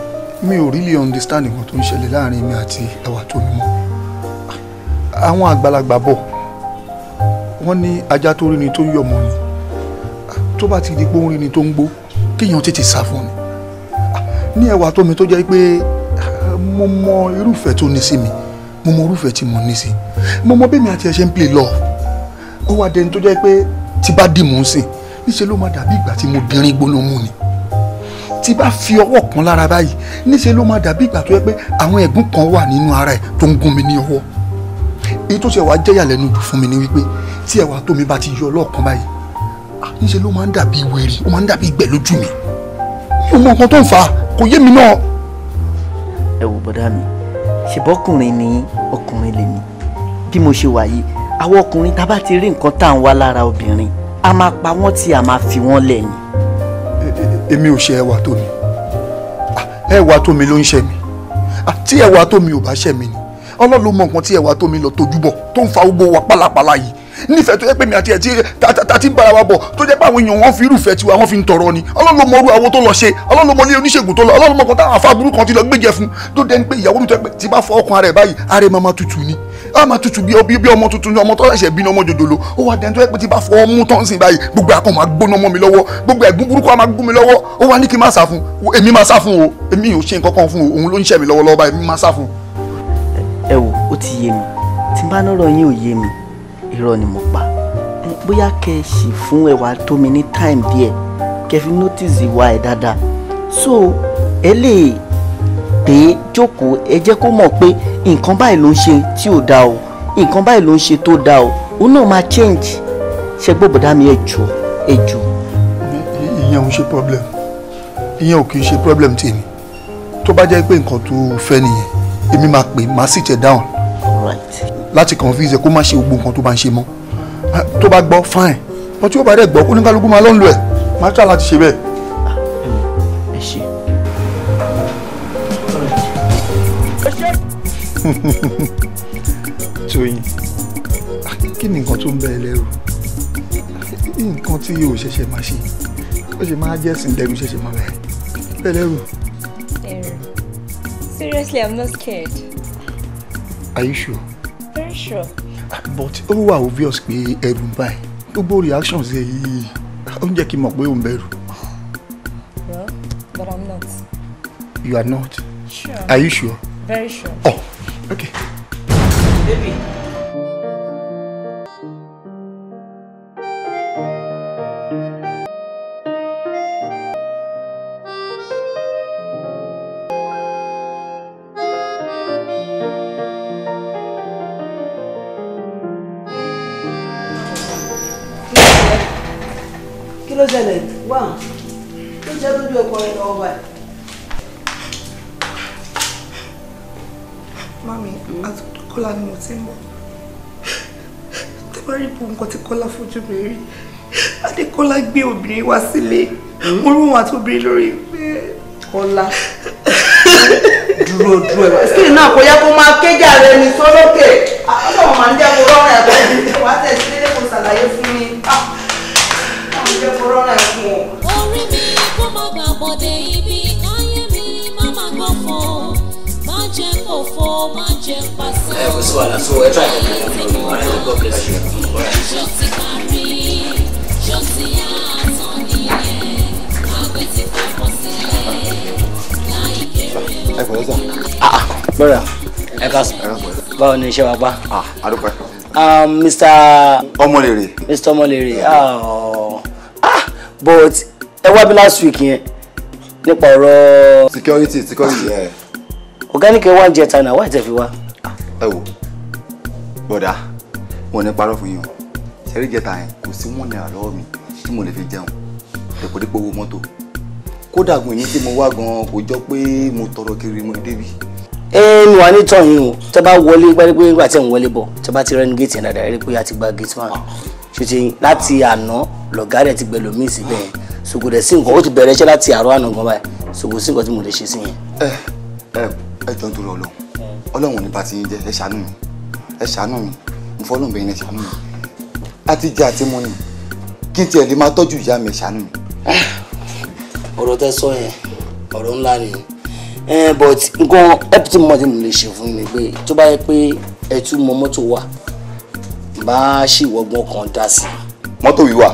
mi ò really understand nǹkan tó ń ṣẹlẹ̀ láàrin mi àti ẹwà tó mi mọ́ àwọn àgbàlagbà bọ̀ wọ́n ní ajá tó rí ni tó ń yọ̀ mọ́ ni tó bá ti di pé ó ń rí ni tó ń gbó kéèyàn tètè sá fún ni ní ẹwà tó mi tó jẹ́ pé mo mọ irúfẹ́ tó ní sí mi mo mọ irúfẹ́ tí mo ní sí mo mọ bí mi àti ẹ ṣe ń play love ó wá dẹni tó jẹ́ pé tí bá dì mú sí níṣẹ́ ló má dàbí ìgbà tí mo bìnrin gbóná mú ni tí bá fi ọwọ́ kan lára báyìí níṣe ló máa dàbí ìgbà tó yẹ pé àwọn ẹ̀gún kan wà nínú ara ẹ̀ tó ń gún mi ní ọwọ́ èyí tó ṣe wàá jẹ́ ìyàlẹ́nu jù fún mi ni wípé tí ẹ̀wà tó mi bá ti yọ lọ́ọ̀kan báyìí ah, níṣe ló máa ń dàbí wèrè ó máa ń dàbí ìgbẹ́ lójú mi mi mọ nǹkan tó ń fà kò yé mi náà. ẹ wò bọ́dá mi ṣèbọ́kùnrin ni ọkùnrin lèmi bí mo ṣe wà yìí àwọn ọkùnrin tá a bá ti rí nǹkan tá à ń wá lára obìnrin a máa pa wọ́n tí a máa fi wọ́n lẹ́yìn èmi ò ṣe ẹwà tó mi ah, ẹwà tó mi ló ń ṣe mi ah, tí ẹwà tó mi ò bá ṣe mi ni ọlọ́run mọ nǹkan tí ẹwà tó mi lọ tójú bọ̀ tó ń fa gbogbo wa pálapàla yìí nífẹ̀ẹ́ tó yẹ pé mi àti ẹ̀ tí ta ti ń bára wa bọ̀ tó jẹ́ pé àwọn èèyàn wọn fi irúfẹ́ tiwa wọn fi ń tọrọ ni ọlọ́run mọ orú àwọn tó lọ ṣe ọlọ́run mọ ilé oníṣègùn tó lọ ọlọ́run mọ kan táwọn afáburú kan ti lọ gbéjẹ fún tó dẹni pé ìyàwó mi tó yẹ pé ti bá fọ ọkàn ara báyìí ara ẹ̀ tutù ni a máa tutù bí ọmọ tuntun ní ọmọ tó ṣẹ̀ṣẹ̀ bí ní ọmọ jòjòló ó wà dẹ́ntọ́ ẹ pé tí bá fọwọ́ mú tán sìn báyìí gbogbo akọ máa gbóná mọ́ mi lọ́wọ́ gbogbo ẹ̀gún burúkú máa gún mi lọ́wọ́ ó wà ní kí n má sá fún èmi má sá fún o èmi ò ṣe nǹkan kan fún o òun ló ń ṣẹ̀ mí lọ́wọ́ lọ́wọ́ báyìí má sá fún. ẹ wo ó ti yé mi tí n bá lọ́rọ̀ yín ò yé mi irọ́ ni mo pa bóyá kẹ ẹ ṣì fún ẹwà tó mi ní time díẹ̀ kẹ fi notice ìwà ẹ̀ dáadáa so ẹ lè dé jókòó ẹ jẹ́ kó mọ̀ pé nǹkan báyìí ló ń ṣe tí ò dáa o nǹkan báyìí ló ń ṣe tó dáa o òun náà máa change ṣe gbọ́bọ̀dá mi ẹ jọ̀ọ́ ẹ jọ̀ọ́. ìyẹn ò ń ṣe problem ìyẹn ò kì í ṣe problem tèmi tó bá jẹ́ pé nǹkan tó fẹ́ nìyẹn èmi máa pè máa sì tẹ̀ down láti confuse kó má ṣe gbogbo nǹkan tó bá ń ṣe mọ́ tó bá gbọ́ fine wọ́n tí ó bá dẹ̀ gbọ́ oníkálukú máa lọ́nlọ́ ẹ̀ máa try láti ṣe bẹ́ẹ̀. Tóyìn kí ni nǹkan tó ń bẹ ẹ lẹ́rù nǹkan tí yóò ṣẹ̀ṣẹ̀ máa ṣe ó ṣe máa jẹ́ sìn lẹ́rù ṣẹ̀ṣẹ̀ máa bẹ̀rẹ̀ bẹ́ẹ̀ lẹ́rù. Seriously, I'm not scared. Are you sure? Very sure. But ó wà obvious pé ẹ̀rù ń bá ẹ gbogbo reactions ẹ yìí ó ń jẹ́ kí n mọ̀ pé ó ń bẹ̀rù. Well, but I'm not. You are not? Sure. Are you sure? Very sure. Oh. Okay. obìnrin wá sílé hmm? mo rí wọn àti obìnrin lórí kọ́lá dúró dúró ẹ̀ wá sí náà kò yẹ kó máa kéjà rẹ ní sọ́lọ́kẹ̀ ah, àwọn máa ń jẹ́ kó rọrùn ẹ̀ kó wá tẹ̀ sí lélẹ́ kó ṣàlàyé fún mi àwọn ah, jẹ́ kó rọrùn ẹ̀ fún ọ. orí mi kó má gbàgbọ́dé ibi káyé mi má má gbọ́ fún ọ má jẹ́ kó fọ́ má jẹ́ pàṣẹ. ẹ kò sí wàhálà so ẹ try to make it work all right god bless you. ẹ pẹ̀lẹ́ sà. bọ́dà ẹ ká sùn báwo ni iṣẹ́ wa pa. àdúpẹ́. Mr. Um, ọmọlèrè. Mr. ọmọlèrè ah, ah, but ẹ wá bí last week yẹn nípa ọ̀rọ̀. security security ẹ. organic wá ń jẹ tana wá ìtẹ̀ fi wá. Ah, ẹ wo bọ́dà wọn ní parọ́ fún yín o ṣẹ́rí jẹta yẹn kò sí wọn náírà lọ́wọ́ mi tí mo lè fi jẹun dẹ̀pọ̀dẹ̀pọ̀ owó mọ́tò kódà gùn yín tí mo wá gan kò jọ pé mo tọrọ kiri mo débi. ẹnu wa ní tán o tẹ bá wọlé gbá pé nígbà tí ẹ ń wọlé bọ tẹ bá ti rẹnu géètì ẹ̀dá rẹ pé a ti gba géètì wọn ṣètì láti àná lọ̀gá rẹ̀ ti gbẹ̀lò míì síbẹ̀ ṣòkò dẹ̀ sí nǹkan ó ti bẹ̀rẹ̀ iṣẹ́ láti àárọ̀ àná gan báyìí ṣòkò sí nǹkan tí mo lè ṣe sí yẹn. Eh, eh, ẹ ẹ ẹ jọ ń torí Ọlọ́run Ọlọ́run ò ní bá ti jẹ ẹ ṣàánú mi ẹ ṣàánú mi mo fọlọ́run bẹ̀yìn ẹ ṣàánú mi àti jẹ àti mu ni kí n tiẹ̀ lè máa tọ́jú ìyá mi ẹ ṣàánú mi. Eh, ọ̀rọ̀ tẹ́ sọ yẹn ọ̀rọ̀ ńlá ni but nǹkan ẹ̀pítì mọ́ tí mo lè ṣe fún mi pé tó bá yẹ pé ẹ mọ mọ́tò wa bá ṣì wọ́gbọ́n kan dá sí. mọ́tò wíwà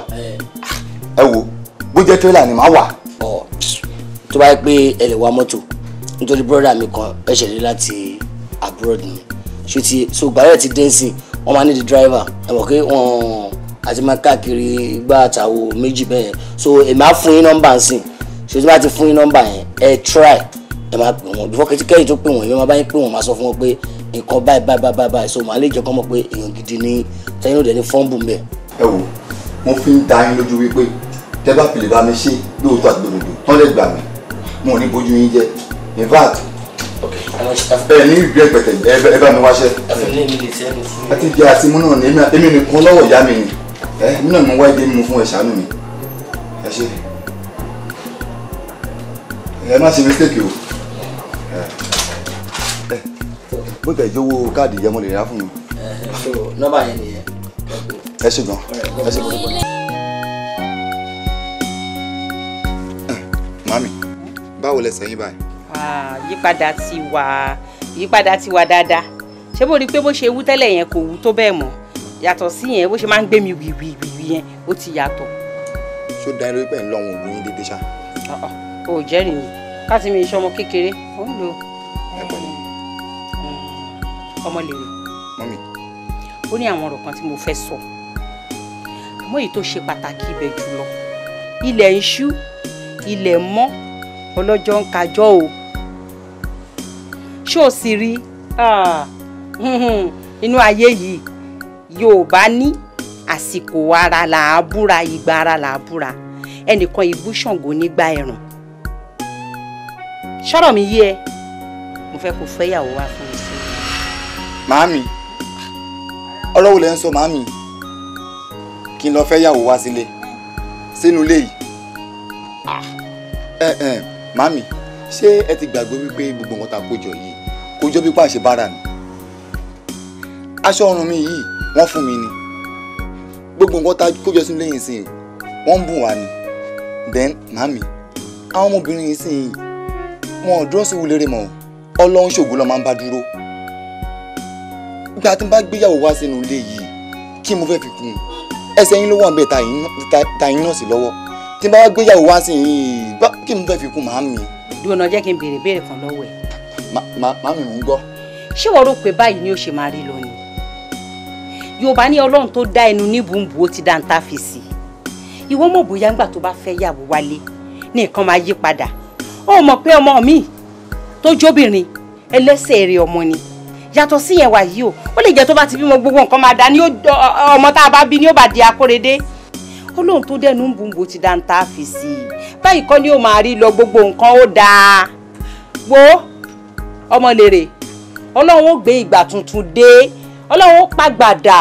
ẹ wo bó jẹ́ tírélà ni màá wà. tó bá yẹ pé ẹ lè wa mọ́tò nítorí bọ́dà mi kan ẹ ṣẹ̀lẹ̀ láti abroad ni ṣé ti so gbàrẹ́ ti dé sí wọ́n máa ní di driver àti máa káàkiri gbá àtàwọ̀ méjì bẹ́ẹ̀ so èmi á fún yín nọ́mbà sí i ṣé tí bá ti fún yín nọ́mbà yẹn ẹ try ẹ máa pè wọ́n before kẹ́tíkẹ́yìn tó pè wọ́n èmi máa bá yín pè wọ́n máa sọ fún wọn pé nǹkan báyìí báyìí báyìí báyìí so màá lè jẹ́ kọ́ mọ̀ pé èèyàn gidi ní tẹ́yìn òde ní fọ́ǹbù ń bẹ̀. ẹ wo mo fi ń da yín lójú wípé tẹ bá fìlè bá mi ṣe lóòótọ́ àti lòdòdò tán lè gbà mí mo ò ní bójú yín jẹ in fact ẹ ní ìgbẹ́ pẹ̀tẹ̀ ẹ bá mi wáṣẹ́. ẹ ti jẹ àti mú náà ní èmi nìkan lọ́wọ́ ìyá mi ni èmi náà mo wá ìdí mi fún ẹ̀ ṣàánú mi ẹ ṣe ẹ má ṣe mistake o bó tẹ̀ jówó káàdì yẹn mo lè rà fún mi. nọ́mbà yẹn nìyẹn. ẹ ṣe gan ẹ ṣe gan. mami báwo lẹ sẹ́yìn báyìí. Ah, yípadà ti wà yípadà ti wà dáadáa ṣé bó rí i pé bó ṣe wú tẹ́lẹ̀ yẹn kò wú tó bẹ́ẹ̀ mọ́ yàtọ̀ sí yẹn bó ṣe máa ń gbé mi wìwìwì yẹn ó ti yàtọ̀. ṣó dáná lórí pẹ̀ ń lọ àwọn yín déédéé ṣá. Ah, ah o jẹ́rìí mi káàtì mi iṣẹ́ ọmọ kékeré ó ń lo eh, ọmọ lèrè ó ní àwọn ọ̀rọ̀ kan tí mo fẹ́ sọ àmọ́ èyí tó ṣe pàtàkì ibẹ̀ jùlọ ilẹ̀ ń ṣú ilẹ̀ mọ́ ọlọ́jọ́ ń kájọ́ o ṣó o sì rí ah, inú ayé yìí Yorùbá ní àsìkò ara là á búra ìgbà ara là á búra ẹnìkan ìbú Ṣàngó nígbà ẹ̀rùn ṣọ́rọ̀ mi yé ẹ mo fẹ́ kó fẹ́ ìyàwó wá fún mi sí. màámi ọ̀rọ̀ wo lẹ ń sọ màámi kí n lọ fẹ́ ìyàwó wá sílé sínú ilé yìí ah, ẹ màámi ṣé ẹ ti gbàgbé wípé gbogbo nǹkan tá a kó yìí kó jọ bí pàṣẹ bára ni aṣọ ọrùn mi yìí wọ́n fún mi ni gbogbo nǹkan tá a kó sínú ilé yìí sìn wọ́n ń bùn wá ni then màámi àwọn ọmọbìnrin yìí sìn yìí wọn ò dúró sí wulere mọ́ ọlọ́run ṣògo ló máa ń bá dúró gba tí n bá gbéyàwó wá sínú ilé yìí kí mo fẹ́ fi kún un ẹsẹ̀ yín ló wà níbẹ̀ ta yín náà sí lọ́wọ́ tí n bá gbéyàwó wá sí yìí kí mo fẹ́ fi kún màámi. dùnà jẹ́ kí n béèrè béèrè kan lọ́wọ́ ẹ̀. màámi mò ń gbọ́. ṣé wọ́n rò pé báyìí ni ó ṣe máa rí lọ ni yorùbá ní ọlọ́run tó dá ẹnu níbùbù ó ti dá ń ta fèsì ìwọ mọ̀ bóyá ńgbà tó bá fẹ́ yàwó wálé ní nǹkan máa yí padà ó mọ̀ pé ọmọ mi tó jóbìnrin ẹlẹ́sẹ̀ rẹ̀ ọmọ ni yàtọ̀ sí yẹn wà yìí o ó lè jẹ́ tó bá ti bímọ gbogbo nǹkan máa dá ní ọmọ tá a bá bí ni ó bá di akóredé olóhùn tó dẹnu ń bùnbùn ti dáńtà fi sí i báyìí kọ́ ni ó máa rí lọ gbogbo nǹkan ó dáa wo ọmọ lèrè ọlọ́run ó gbé ìgbà tuntun dé ọlọ́run ó pàgbàdà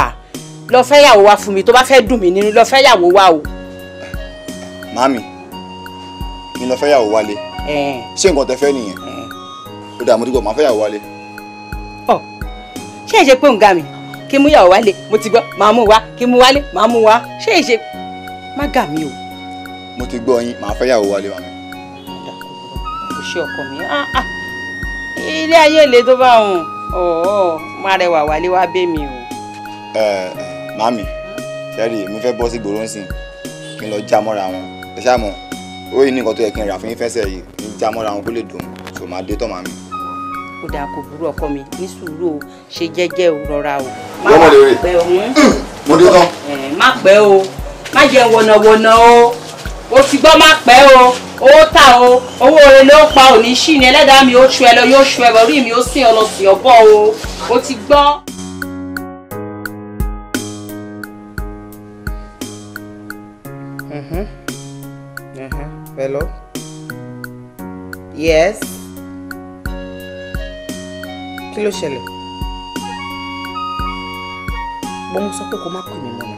lọ fẹ́ yàwó wa fún mi tó bá fẹ́ dùn mí nínú lọ fẹ́ yàwó wa o. màámi mi lọ fẹ́ yàwó ṣé nǹkan tẹ fẹ́ nìyẹn ó dààmú dúpọ̀ máa fẹ́ yàwó wálé. ọ ṣé ẹ ṣe pé òǹga mi kí mú yàwó wálé mo ti gbọ́ màá mú wá kí mú wálé màá mú wá ṣé ẹ ṣe má gà mí o. mo ti gbọ́ yín màá fẹ́ yàwó wálé wa mi. kò ṣe ọkọ mi ah, ah. ilé ayé ilé tó bá òun ọ̀ọ́ má rẹwà wálé wá bẹ́ mi o. ẹ ẹ màmí ṣẹ́rí mi fẹ́ bọ́ sí gbòòrò ń kí n lọ já mọ́ra wọn ẹ ṣáà mọ̀ ó yìí ní nǹkan tó yẹ kí n rà fún yín fẹsẹ̀ yìí ní já mọ́ra wọn kó lè dùn sò máa dé tán màá mi. kò dáa kò burú ọkọ mi ní sùúrù o ṣe jẹ́jẹ́ o rọra o. má pẹ́ o hmm? mm, mo dé tán. má pẹ́ o má jẹ́ wọ̀nàwọ̀nà o o ti gbọ́ má pẹ́ o owó tà o owó oore ló pa òní ṣì ní ẹlẹ́dàá mi ó ṣu ẹ lọ yóò ṣu ẹ lọ rí mi ó sìn ọ lọ sìn ọ bọ́ o o ti gbọ́. fellow? Yes. Kí ló ṣẹlẹ̀? Mo mú sọ pé kó má pè mí mọ́.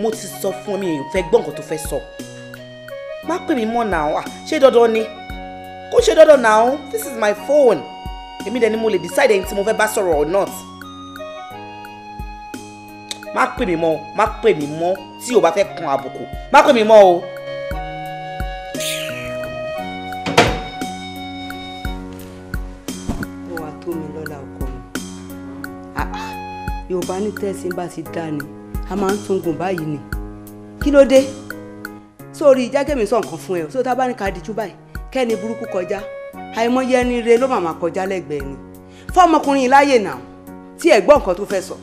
Mo ti sọ fún mi èèyàn fẹ́ gbọ́ nǹkan tó fẹ́ sọ. Má pè mí mọ́ náà. Ah, ṣé dandan ni? Kó ṣe dandan náà. This is my phone. Èmi dẹ̀ ni mo lè decide ẹni tí mo fẹ́ bá sọ̀rọ̀ or not má pè mí mọ́ má pè mí mọ́ tí o bá fẹ́ kan àbùkù má pè mí mọ́ o. ó wàá tó mi lọ́la ọkọ mi ah, ah. yorùbá ní tẹ̀sìn bá ti dá ni a máa ń tún gùn báyìí ni kí ló dé sórí jágẹ̀mí sọ nǹkan fún ẹ o sọ tá a bá ní ká dijú báyìí kẹ́ni burúkú kọjá àìmọye ẹni re ló màmá kọjá lẹ́gbẹ̀ẹ́ ni fọmọkùnrin láyè náà tí ẹ gbọ́ nǹkan tó fẹ́ sọ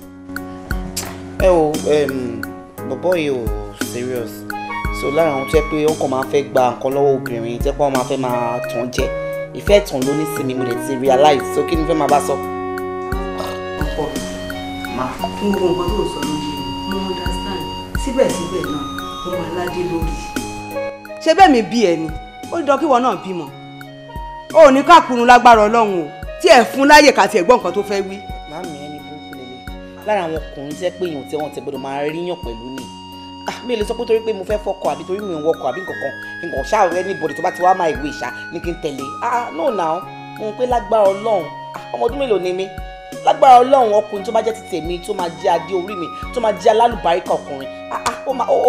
ẹ o bọ̀bọ̀ yìí o serious so lára àwọn tó yẹ pé ọkọ̀ máa fẹ́ gba nǹkan lọ́wọ́ obìnrin tẹ́ pé wọ́n máa fẹ́ máa tàn jẹ ìfẹ́ ìtàn ló ní sí mi mo lè ti realize so kí ni fẹ́ máa bá sọ. ọkọ ma n gbogbo nǹkan tó sọ lójú mo understand síbẹ̀síbẹ̀ náà mo wà ládé lórí. ṣé bẹ́ẹ̀ mi bí ẹni ó dán kí wọn náà bímọ o ò ní káàkùrún lágbára ọlọ́run o tí ẹ̀ fún láyè kàti ẹ̀gbọ́n nǹkan tó fẹ́ wí lára àwọn ọkùnrin tí ẹ pé èèyàn tí ti gbọ́dọ̀ máa ríyàn pẹ̀lú ni ah, mi ò lè sọ pé torí pé mo fẹ́ fọkọ àbí torí mi ò wọkọ àbí nǹkan kan nǹkan ṣáà anybody tó bá ti wá máa ìwé ìṣá ni kí n tẹ̀lé ah no now mo ń pé lágbára ọlọ́run ah, ọmọ ọdún mélòó ni mí lágbára ọlọ́run ọkùnrin tó bá jẹ́ ti tèmi tó máa jẹ́ adé orí mi tó máa jẹ́ alálùbáríkà ọkùnrin ah ah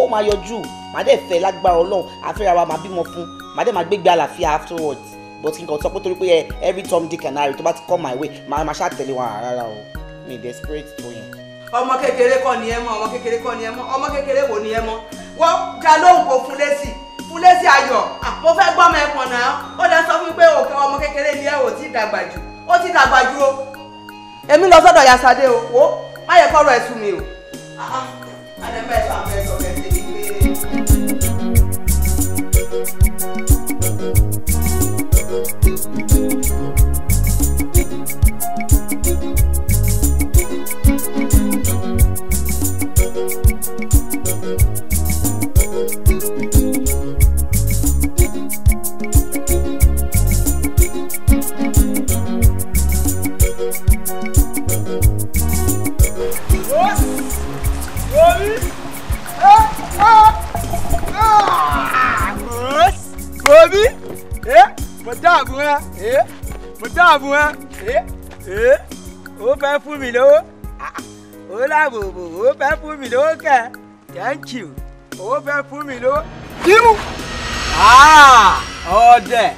ó máa yọjú màá dẹ̀ fẹ́ lágbára ọlọ́run àfẹ́ra wa màá bímọ fún màá dẹ̀ máa gbégbé àlàáfíà afterwards but kí ọmọ kékeré kọ́ ni ẹ mọ́ ọmọ kékeré kọ́ ni ẹ mọ́ ọmọ kékeré wo ni ẹ mọ́ wọ́n dá lóhùn kó fún lẹ́sì fún lẹ́sì ayọ̀ ah, mo fẹ́ gbọ́ ọmọ ẹ̀pọ̀n náà ó dá sọ fún pé òkè ọmọ kékeré ni ẹ ò tí ì dàgbà jù ó ti dàgbà jù o èmi lọ sọ́dọ̀ yasade o wo má yẹ kọ́rọ̀ ẹ̀sùn mi o. àdàbẹ̀ ẹ̀sọ́ àbẹ̀ ẹ̀sọ́ kẹ́sì. omi mo dáàbò Eh? mo dáàbò ẹ eh? eh? Eh? ó fẹ́ fún mi lówó ah, ó lábòbò ó fẹ́ fún mi lówó kẹ thank you ó fẹ́ fún mi lówó kímù ah, ọ̀dẹ̀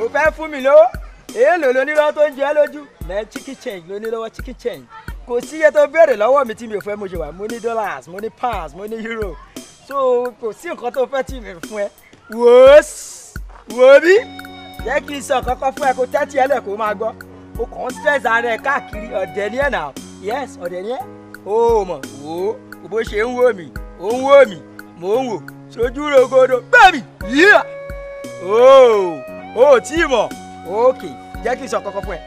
ó fẹ́ fún mi lówó èèlò lónírọ́ tó ń jẹ́ lójú lẹ́ chicken change lónírọ́wọ́ chicken change kò sí iye tó béèrè lọ́wọ́ mi tí mi ò fẹ́ mo ṣe wà mo ní dollars mo ní pounds mo ní euro so kò sí nǹkan tó fẹ́ tì mí fún ẹ wòó sí wò bí jẹ́ kí n sọ kọ́kọ́ fún ẹ kó tẹ́tí ẹ lẹ̀ kó máa gbọ́ o kàn ń stress ara ẹ káàkiri ọ̀dẹ̀ ni ẹ̀ nà yes ọ̀dẹ̀ ni ẹ̀ o mọ̀ wò ó bó ṣe ń wò mí ó ń wò mí mò ń wò ṣojú rogodo bẹ́ẹ̀mi yíyà o ò tí ì mọ̀ òkè jẹ́ kí n sọ kọ́kọ́ fún ẹ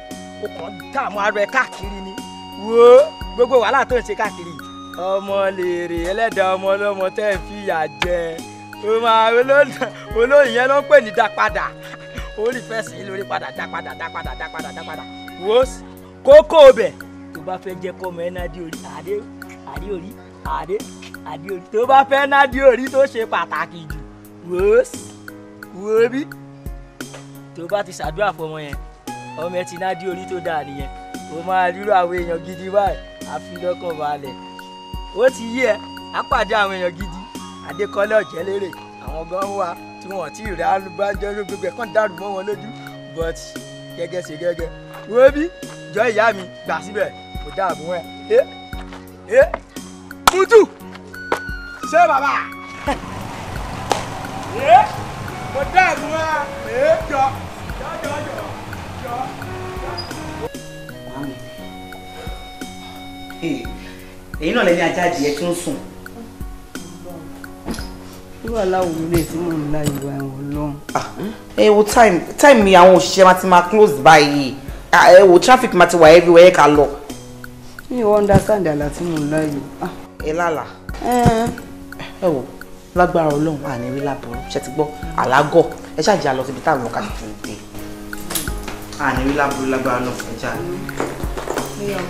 o kàn ń dààmú ara ẹ káàkiri ni wò gbogbo wàhálà tó ń ṣe káàkiri ọmọ lèrè ẹlẹ́dàá ọmọ ọlọ́mọ tẹ́ ẹ fìyà jẹ olóyìn yẹn ló ń pè ní dápadà orí fẹsẹ̀ lórí padà dápadà dápadà dápadà dápadà wò ó kókó ọbẹ̀ tó bá fẹ́ jẹ́ kọ́mọ ẹ̀ náà di orí àdé àdé orí àdé àdé orí tó bá fẹ́ náà di orí tó ṣe pàtàkì jù wò ó wò ó bí tó bá ti ṣàdúrà fọmọ yẹn ọmọ ẹ ti náà di orí tó dáa nìyẹn ó máa rírọ àwọn èèyàn gidi báyìí àfi lọ́kàn balẹ̀ ó ti yí ẹ á pàdé àwọn èèyàn gidi adékọ́lé ọ̀jẹ́lérè àwọn gan wa tí wọ́n ti rí alùbájọ́ gbogbo ẹ̀ kàn dàrú mọ́ wọn lójú but gẹ́gẹ́ ṣe gẹ́gẹ́ wo bí jọ ìyá mi gbà síbẹ̀ kò dààmú ẹ̀ ẹ́ ẹ́ mútu ṣé bàbá ẹ́ kò dààmú ẹ̀ ẹ́ jọ jọ jọ jọ jọ. èyí náà lẹni ajá adìyẹ tó ń sùn kí wàhálà òun tí mò ń la ìwà ẹ̀wọ̀n lọ́hùn. Ah. ẹ wo time time mi àwọn òṣìṣẹ́ máa ti máa close báyìí ah, ẹ wo traffic máa ti wà everywhere ká lọ. mi ò understand àlá tí mò ń la yìí. Ah. ẹ lálà. Eh. ẹ wo lágbára ọlọ́run àní rí lábúrú ṣe ti gbọ́ àlágọ̀ ẹ ṣáàjì àlọ́ síbi táwọn ọ̀ka tuntun dé àní rí lábúrú lágbára náà ẹ ṣáà. Yeah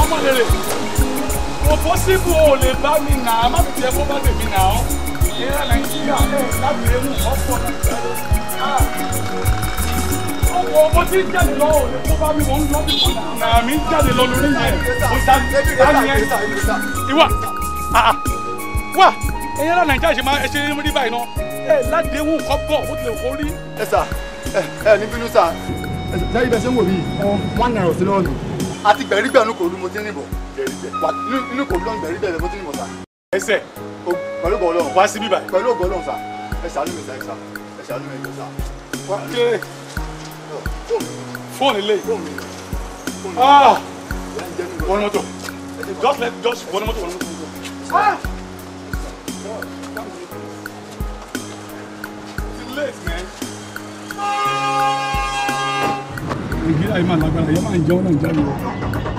amalere kò pọ́sibú o lè bá mi nà á má fi jẹ́ kó bá tèmi nà ọ́ ìlera nàìjíríà ẹ̀ láti ewu ọ̀pọ̀ nàìjíríà ọkọ̀ ọmọ tí ń jáde lọ ò lè kó bá mi mò ń lọ bí kò nà mí ń jáde lọ lórí yẹn ó dá mi ẹ ìwà wà ìlera nàìjíríà ṣe máa ẹ ṣe rí báyìí náà ẹ láti ewu ọ̀pọ̀ ó tilẹ̀ kó rí. ẹ sà ẹ ẹ ní bínú sà ẹ sẹ́yìn bẹ́ẹ̀ ṣe ń wò mí one naira sí lọ́ọ̀nù àti gbẹ̀rígbẹ̀ inú kò lu mo ti ń bọ̀ inú kò lu gbẹ̀rígbẹ̀ rẹ̀ mo ti ń bọ̀ sá. ẹsẹ̀ pẹ̀lú ògo Ọlọ́run wá sí bíbá pẹ̀lú ògo Ọlọ́run sá ẹ ṣàánú mi sá ẹ ṣàánú mi sá. fóònù ilé ah! wọnú mọ́tò just let just wọnú mọ́tò wọnú mọ́tò. It's ah! late, man nàìjíríà yìí máa lágbára yẹn máa ń jẹun náà jáde wọ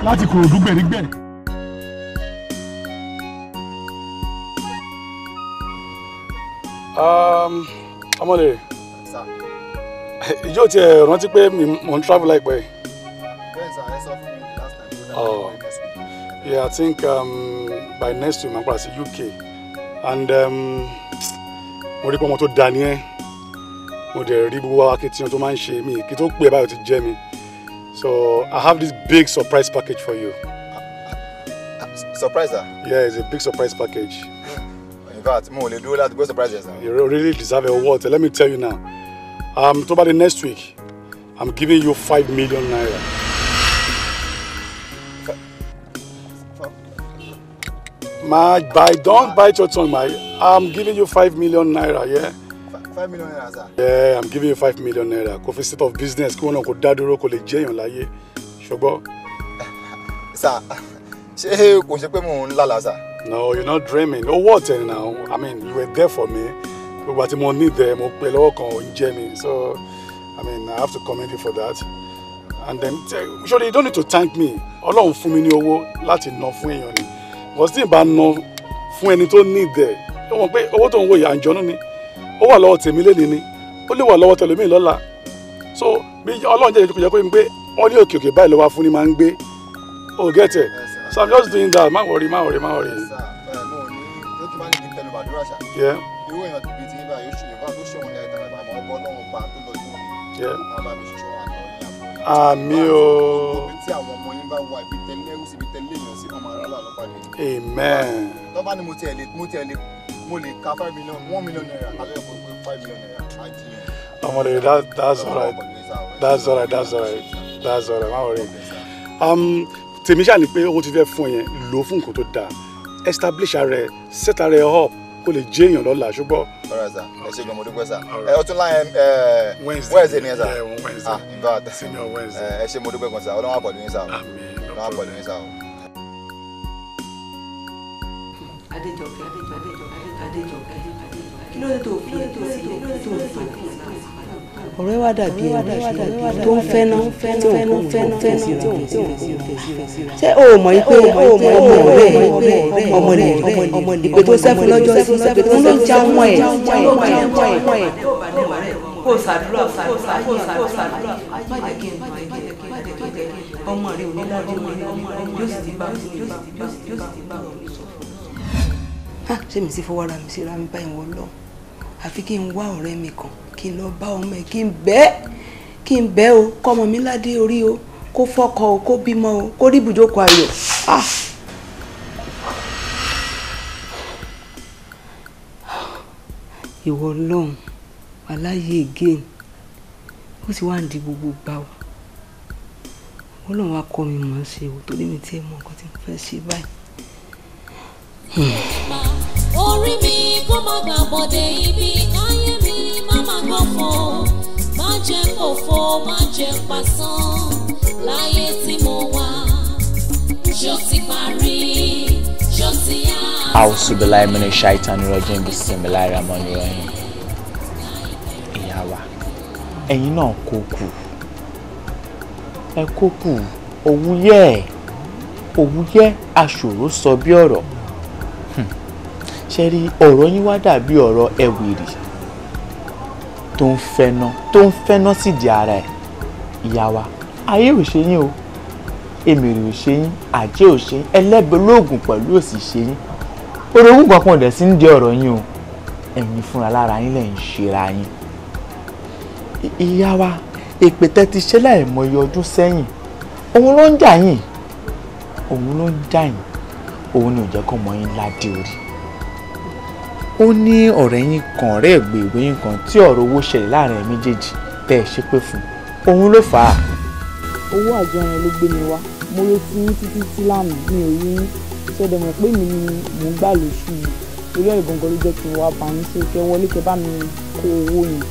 láti Ìkòròdú gbẹ̀rígbẹ̀. Um, ọmọlẹ ìjọ tiẹ̀ rántí pé mò ń travel láìpẹ́ yìí. Oh, yeah, I think um, by next week, I'm going to UK. And um, mo rí pé ọmọ tó da ni ẹ́, mo dẹ̀ rí gbogbo akitiyan tó máa ń ṣe mí, kí tó pè báyìí ti jẹ́ mi. So I have this big surprise package for you. Surprise, sir? Ah? Yeah, it's a big surprise package. In fact, mo lè dúró láti gbé surprises You really deserve a award. Let me tell you now. Um, tó next week, I'm giving you five million naira. My, by, don't bite your tongue, my. I'm giving you five million naira, yeah? five million naira sir. ẹ i'm giving you five million naira kò fi state of business kí wọn náà kò dá dúró kò lè jẹyàn láyé ṣùgbọ́n. sir ṣé kò ṣe pé mò ń lálà sir. no you're not dreaming owó ọ̀tẹ̀ now i mean you were there for me gbogbo àti mo need there. mo pè lọ́wọ́ kan ò ń jẹ́ mi so i mean i have to commend you for that and then surely you don't need to thank me ọlọ́run fún mi ní owó láti ná fún èèyàn ni because tí n bá ná fún ẹni tó need there. ó mọ̀ pé owó tó ń wo ìyànjọ́nú ni ó wà lọ́wọ́ tèmi lé nìní ó lè wà lọ́wọ́ tẹlẹmí lọ́la so bí ọlọ́run jẹ́ ìjọkọ̀ jẹ́ pé pé wọ́n ní òkè òkè báyìí lọ́wọ́ fún ni máa ń gbé o get it so i'm just doing that má wọrí má wọrí má wọrí. Yeah. Yeah àmì o. tí amen mo lè ka five million one million naira lábẹ́ mo pé five million naira àti. ọmọ rẹ that that's alright that's alright that's alright that's alright má wọrí. Um, tèmi ṣáà ni pé owó ti fẹ́ fún yẹn lò ó fún nǹkan tó dáa establish ara ẹ set ara ẹ up kó lè jẹ́ èèyàn lọ́la ṣùgbọ́n. ọ̀rọ̀ sà ẹ ṣe gbọ̀mọ̀dé pẹ́ sà ẹ ọtún láyẹn Wednesday ni ẹ sà ah in fact ẹ ṣe mọ̀dé pẹ́ kan sà ọlọ́wọ́ àpọ̀lù yín sà ọlọ́wọ́ àpọ̀lù yín sà. Adéjọkẹ́ Adéjọkẹ́ Adéjọkẹ́. Adéjọkẹ́ kí ló dé tó fi ètò sí tó tó ọ̀rẹ́ wa dàbí ẹni tó ń fẹ́ná tí ò ń fẹ́ sí ra ṣé o mọ̀ yí pé ọmọ rẹ̀ ọmọ rẹ̀ ọmọ rẹ̀ ìpè tó sẹ́fún lọ́jọ́ sí ìpè tó ń lọ já mọ́ ẹ̀ kó sàdúrà kó sàdúrà kó sàdúrà má jẹ́ kí n má jẹ́ kí n ọmọ rẹ̀ ò ní láti ọmọ rẹ̀ yóò sì ti bá wọn yóò sì ti bá wọn ṣé mi sì fọwọ́ ra mi síra mi báyìí wọ́n lọ àfi kí n wá ọ̀rẹ́ mi kan kí n lọ bá ọmọ ẹ̀ kí n bẹ́ kí n bẹ́ o kọ́mọ mi ládé orí o kó fọ́kọ o kó bímọ o kó rí ibùjókòó ayọ̀ ah. ìwọ ọlọ́run aláyé again ó sì wá ń di gbogbo gbà ó ọlọ́run wa kọ́ mi mọ̀ ṣe o torí mi tí ì mọ nǹkan tí mo fẹ́ ṣe báyìí. Hmm. orí mi kó má gbà bọ̀dẹ̀ ibi káyé mi má má gbọ̀fọ̀ má jẹ́ kòfo má jẹ́ pasán láyé tí mo wà ṣó ti parí ṣó ti yá. àwùsù bí láì mìíràn ṣàìtàn ìrọ̀jẹ́ ibi sinmi láìra mọ́ ni ọ̀hún ìyá wa ẹ̀yin náà kó kù ẹ kó kù òwúyẹ́ òwúyẹ́ aṣòro sọ bí ọ̀rọ̀ ṣe rí ọ̀rọ̀ yín wá dàbí ọ̀rọ̀ ẹ̀wìrì tó ń fẹ́nà tó ń fẹ́nà sì di ara ẹ̀ ìyá wa ayé ò ṣe yín o èmèrè ò ṣe yín àjẹ́ ò ṣe yín ẹlẹ́bẹ̀ lóògùn pẹ̀lú òsì ṣe yín orogún kankan ọ̀dẹ̀ sí ń di ọ̀rọ̀ yín o ẹ̀yin fúnra lára yín lẹ̀ ń ṣera yín ìyá wa èpè tẹ́ ti ṣe láìmọye ọdún sẹ́yìn òun ló ń jà yín òun ló ń jà yín òun ni ò jẹ́ kó mọ yín ládé orí ó ní ọ̀rẹ́ yín kan ọ̀rẹ́ ẹ̀gbẹ́ ìwé yín kan tí ọ̀rọ̀ owó ṣẹlẹ̀ láàrin méjèèjì tẹ́ ẹ ṣépè fún òun ló fà á. owó àjọ yẹn ló gbé mi wá mo retí yín títí tí lánàá mi ò yín ṣẹ̀dẹ̀ mọ̀ pé mi ni mò ń gbà lóṣù yìí torí ọ̀rẹ́ gbọ̀ngàn ló jẹ́ kí n wá bá yín ṣe kẹ́ wọlé kẹ́ bá mi kó owó yẹn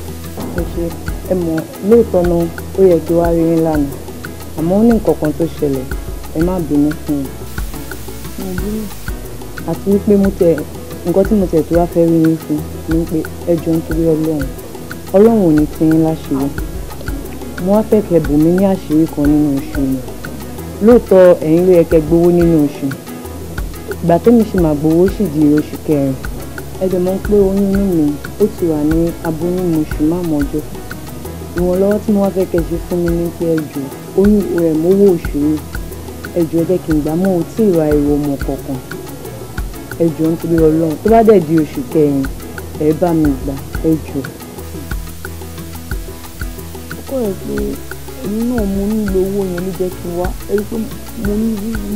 ẹ ṣe ẹ mọ̀ lóòótọ́ náà ó yẹ kí wàá rí yín lánàá àmọ́ ó ní nǹkan kan tó nǹkan tí mo tẹ̀ tó wá fẹ́ rí yín fún ni pé ẹ jọ ń torí ọlọ́run ọlọ́run ò ní ti yín láṣìírí mo wá fẹ́ kẹ́ bù mí ní àṣírí kan nínú oṣù mi lóòótọ́ ẹ̀yin ló yẹ kẹ́ gbowó nínú oṣù ìgbà tẹ́mi ṣe máa gbowó sì di oṣù kẹrin ẹ jẹ́ mọ̀ pé oyún inú mi ó ti wà ní aboyún mi oṣù márùn ọjọ́ ìwọ̀nlọ́wọ́ tí mo wá fẹ́ kẹ́ ṣe fún mi ní pé ẹ oyún rẹ̀ mówó oṣù mi ẹ ẹ jẹ́ kí n gbà mọ́ òtí ìwà èrò ọmọ kọ̀ọ̀kan ẹ jọ ń torí Ọlọ́run tó bá dẹ̀ di oṣù kẹrin ẹ bá mi gbà ẹ jọ. ọkọ rẹ pé èmi náà mo nílò owó yẹn ló jẹ́ kí n wá ẹ rí i pé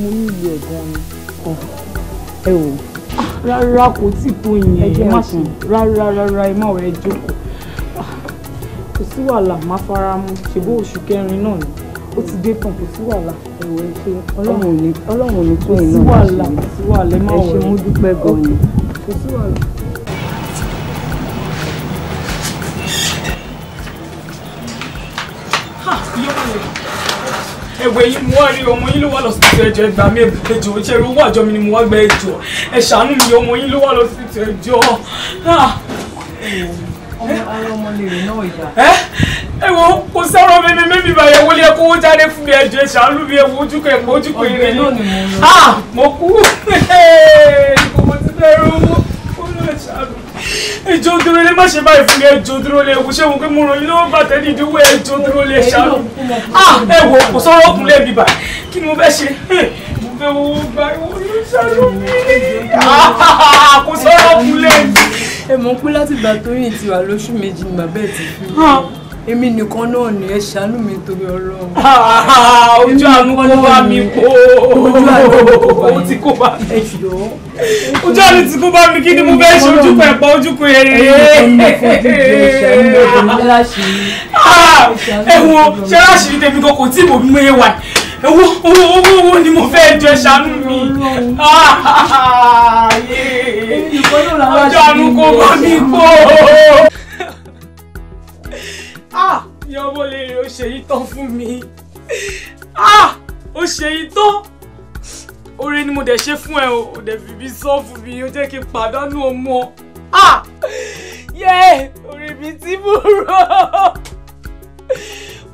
mo nílò ẹ̀ gan ni. ẹ wò ó rárá kò tí tó yẹn ẹ má ṣe rárá rárá ẹ má wọ ẹ ah, kò sí wàhálà má fara mọ́ ṣèbó oṣù kẹrin náà ni ó ti dé tán kò sí wàhálà ẹ̀wọ̀ ẹ ṣe ọlọ́run ò ní ọlọ́run ò ní tó iná kò sí wàhálà kò sí wàhálà ẹ má wọ̀ ẹ ṣe mú dúpẹ́ gan ni kò sí wàhálà. ẹ̀wẹ̀ yìí mo wá rí ọmọ yín ló wà lọ́sibítù ẹ̀jọ̀ ẹgbàá mi ẹ̀jọ̀ ìṣe owó àjọ mi ni mo wá gbẹ ẹ̀jọ̀ ẹ̀ ṣàánú mi ọmọ yín ló wà lọ́sibítù ẹ̀jọ̀. ọmọ ara ọmọ lè rìn náà ìjà ẹ wo kò sọ̀rọ̀ mímí mímí bàyẹ̀ wọlé ẹkọ owó jáde fún mi ẹjọ ẹṣà ń lù mí ẹwọ ojúkọ ẹ̀mọ ojúkọ ìrẹ yìí ah mo kú ìkòkò ti bẹ̀rù ẹjọ dúró lé má ṣe báyìí fún mi ẹjọ dúró lé ewu ṣé wọn pé mo ràn yín lọ́wọ́ bàtẹ́ ní ìdíwọ́ ẹjọ dúró lé ṣáà ah ẹ wo kò sọ̀rọ̀ ọkùnrin mi bà kí ni mo fẹ́ ṣe mo fẹ́ wo gba ìwọ ló ṣàlù mí kò sọ̀rọ̀ ọkùnrin mi. ẹ mọ̀ pé láti ìgbà Tóyìn ti wà lóṣù méjì ni bàbá ẹ̀ ti fún èmi nìkan náà ni ẹ ṣàánú mi torí Ọlọ́run. ojú àánú kó bá mi kó o ti kó bá mi. ojú àánú ti kó bá mi kí ni mo fẹ́ ṣe ojú kan ẹ̀pọ̀ ojú kan eré. ẹ wo ṣe láṣìírí tèmi kan kò tí mo mú e wà owó wo owó owó ni mo fẹ́ jẹ ṣàánú mi. ojú àánú kó bá mi kó ìyàwó lè rí ó ṣe yìí tán fún mi ah! ó ṣe yìí tán oore ni mo dẹ̀ ṣe fún ẹ o ò dẹ̀ fìbí sọ́ọ̀fù mi ó jẹ́ kí n pàdánù ọmọ ah! yẹ oore mi tí mo rọ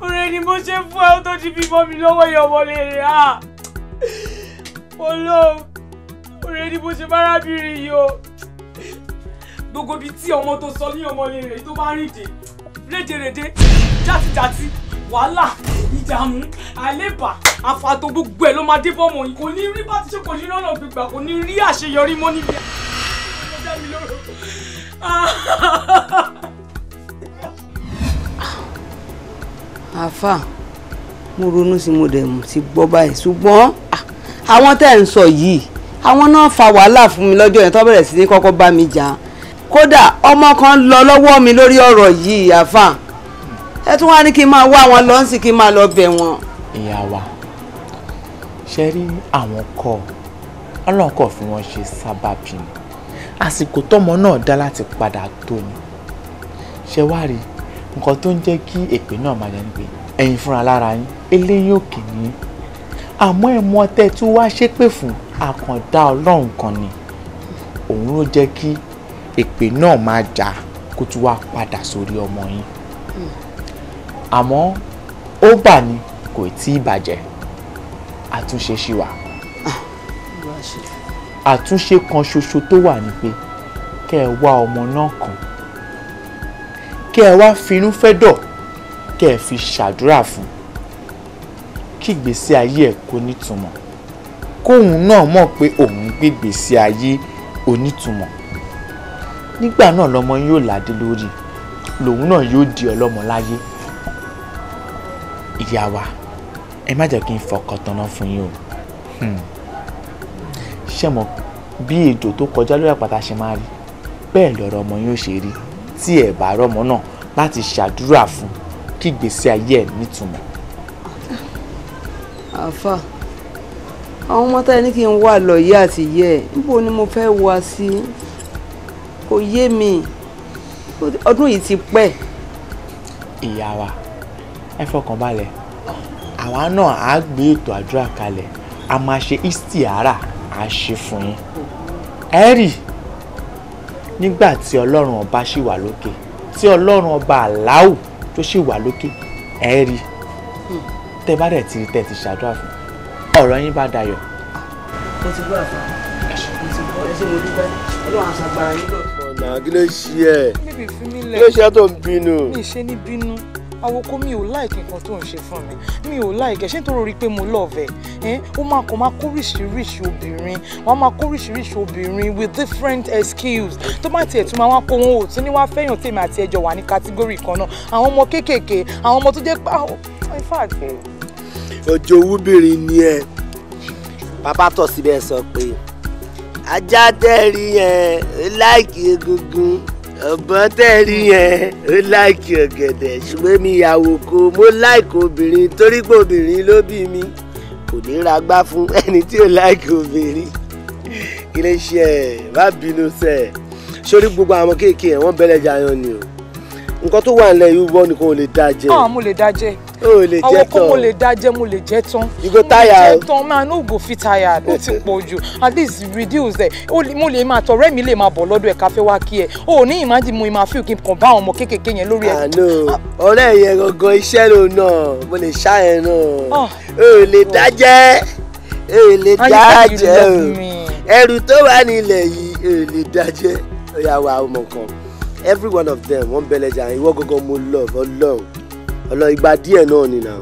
oore ni mo ṣe fún ẹ ó tó ti bímọ mi lọ́wọ́ ìyàwó lè rí a olóò oore ni mo ṣe bárábìnrin yìí o gbogbo ibi tí ọmọ tó sọ ní ọmọ lè rè tó bá rìn dé rédèrèdè játijàti wàhálà ìdààmú àlébà àfàtò gbogbo ẹ̀ ló máa dé fọ́ọ̀mù yìí kò ní rí bá ti ṣe kò ní rọ́nà gbígbà kò ní rí àṣeyọrí mọ́ níbi àfà mo ronú sí mo dẹ̀ ti gbọ́ báyìí ṣùgbọ́n àwọn tẹ́ ń sọ yìí àwọn náà fa wàhálà fún mi lọ́jọ́ yẹn tó bẹ̀rẹ̀ sí ní kọ́kọ́ bá mi jà á kódà ọmọ kan lọ lọ́wọ́ mi lórí ọ̀rọ̀ yìí àfà ẹ tún wá ní kí n máa wá wọn lọ sí kí n máa lọ bẹ̀ wọn. ìyá wa ṣe rí àwọn kọ ọlọ́run kọ̀ fún wọn ṣe sábàbí ni àsìkò tọmọ náà dá láti padà tó ni ṣe wá rí nǹkan tó ń jẹ́ kí èpè náà máa jẹ́ nípe ẹ̀yin fúnra lára yín eléyìí òkè ní àmọ́ ẹ̀mọ́ tẹ́ tí wàá ṣépè fún àkàndá ọlọ́run kan ni òun ló jẹ́ kí èpè náà máa jà kó tún wá padà sórí ọmọ yín àmọ́ ó bà ní kò tí ì bàjẹ́ àtúnṣe ṣì wà àtúnṣe kan ṣoṣo tó wà ní pé kẹ́ ẹ wá ọmọ náà kàn kẹ́ ẹ wá finúfẹ́dọ̀ kẹ́ ẹ fi ṣàdúrà fún kí ìgbésí ayé ẹ̀ kó nítumọ̀ kóun náà mọ̀ pé òun gbégbèsí ayé onítumọ̀ nígbà náà lọmọ yín yóò ládé lórí lòun náà yóò di ọlọ́mọ láyé ìyá wa ẹ má jẹ́ kí n fọkàn tanná fún yín o hmm. ṣé mo bí ètò tó kọjá lórí àpáta ṣe máa rí bẹ́ẹ̀ lọ́rọ̀ ọmọ yín ó ṣe rí tí ẹ̀ bá rọ́mọ náà láti ṣàdúrà fún kí ìgbésí ayé ẹ̀ nítumọ̀. àfà àwọn ọmọ táyà ní kí n wà lọ yé àti yẹ ẹ ni mo fẹ́ wá sí i kò yé mi ọdún yìí ti pẹ́. ìyá wa ẹ fọkàn balẹ̀ àwa náà á gbé ètò àdúrà kalẹ̀ a máa ṣe istiara á ṣe fún yín ẹ rí nígbà tí ọlọ́run ọba ṣì wà lókè tí ọlọ́run ọba aláwù tó ṣì wà lókè ẹ rí tẹ bá dẹ̀ ti rí tẹ ti ṣàdúrà fún ọ̀rọ̀ yín bá dayọ̀. mo ti gbọ́ àfà mo ti gbọ́ ẹ ṣe mo dúpẹ́ ọlọ́run àṣàgbára yín lọ kí ló ṣe ẹ kí ló ṣe tó ń bínú. mi ṣe ní bínú awoko mi ò láìkí nǹkan tó ń ṣe fún mi mi ò láìkẹ ṣé nítorí orí pé mo lọ́ọ̀vẹ̀ ẹ́ ó máa kàn máa kóríṣiríṣi obìnrin wọ́n máa kóríṣiríṣi obìnrin with different skills tó bá tiẹ̀ tún máa wá kó wọn ò tún ní wá fẹ́yàn tèmi àti ẹjọ́ wà ní kátígórì kan náà àwọn ọmọ kéékèèké àwọn ọmọ tó jẹ́ pé ah, oh, in fact. Eh. ọjọ́ owó bèrè ni ẹ bàbá tọ̀ síbẹ̀ sọ pé ajá tẹ́rí yẹn ó láìkí egungun ọ̀bọ̀n tẹ́rí yẹn ó láìkí ọ̀gẹ̀dẹ̀ ṣùgbọ́n mi ìyàwó kò mo láìkí obìnrin torí pé obìnrin ló bí mi kò ní ragbá fún ẹni tí ò láìkí obìnrin kí lè ṣe ẹ má bínú sẹ sórí gbogbo àwọn kéèké ẹ wọn bẹlẹ jayan ni o nǹkan tó wà nílẹ̀ yìí wọ́n nìkan ò lè dá jẹ. mo lè dá o lè jẹ tán àwọn kan mo lè dá jẹ mo lè jẹ tán you go tire o tán I no go fit tired ó ti pọ̀ jù at least reduce ẹ mo lè máa tọ̀rẹ́ mi lè máa bọ̀ lọ́dọ̀ ẹ ká fẹ́ wá kí ẹ o ní imagine mo máa feel kí n kàn bá àwọn ọmọ kéékèèké yẹn lórí ẹ. àná ah. ọ̀rẹ́ yẹn gangan iṣẹ́ ló náà mo lè ṣá yẹn náà ah. o lè dá jẹ o lè dá jẹ o ẹrù tó wà nílẹ̀ yìí o lè dá jẹ ó yà wá ọmọ kan every one of them wọ́n bẹ̀lẹ̀ jà ìwọ gangan mo love ọlọ́run ọlọ ìgbà díẹ̀ náà ni now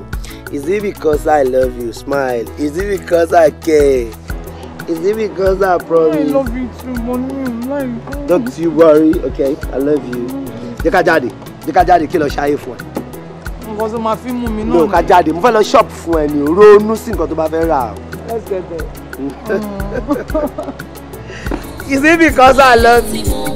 is it because i love you smile is it because i care is it because i promise. i love you too mọ̀nú láì. don't you worry okay i love you. jẹ́ ká jáde jẹ́ ká jáde kí lọ ṣayé fún ẹ. nǹkan tó máa fi mú mi náà. mo ká jáde mo fẹ́ lọ ṣọ́ọ̀bù fún ẹ ní ronú sí nǹkan tó bá fẹ́ rà. let's get there. is it because i love you.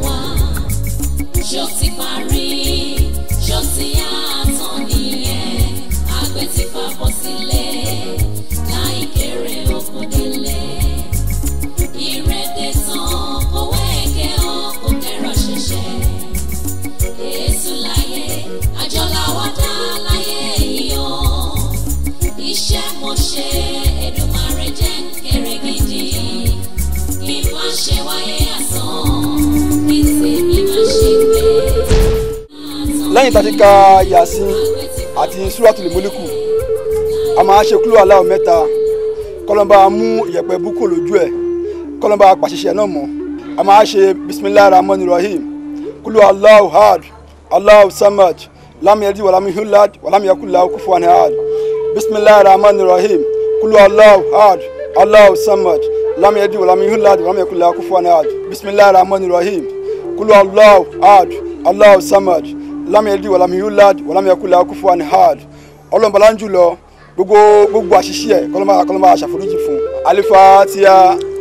lẹ́yìn tàbí ka yasin àti suratul muliku a máa ṣe kúlú aláwọ̀ mẹ́ta kọ́lọ́mbà mú ìyẹ̀pẹ̀ búkò lójú ẹ̀ kọ́lọ́mbà pàṣẹṣẹ náà mọ̀ a máa ṣe bisimilahi rahmani rahim kúlú aláwọ̀ hard aláwọ̀ samad lámìyẹ́dì wàlámìhúlad wàlámìyẹ́kúlá kúfọ́ni hard bisimilahi rahmani rahim kúlú aláwọ̀ hard aláwọ̀ samad lámìyẹ́dì wàlámìhúlad wàlámìyẹ́kúlá kúfọ́ni hard bisimilahi rahmani rahim kúlú aláwọ̀ hard aláwọ̀ samad lam yalid walam yulad walam yakul lahu kufuwan ahad ọlọ́run bala ń jùlọ gbogbo gbogbo àṣìṣe ẹ̀ kọ́lọ́mà kọ́lọ́mà àṣàforíjì fún. alifatiya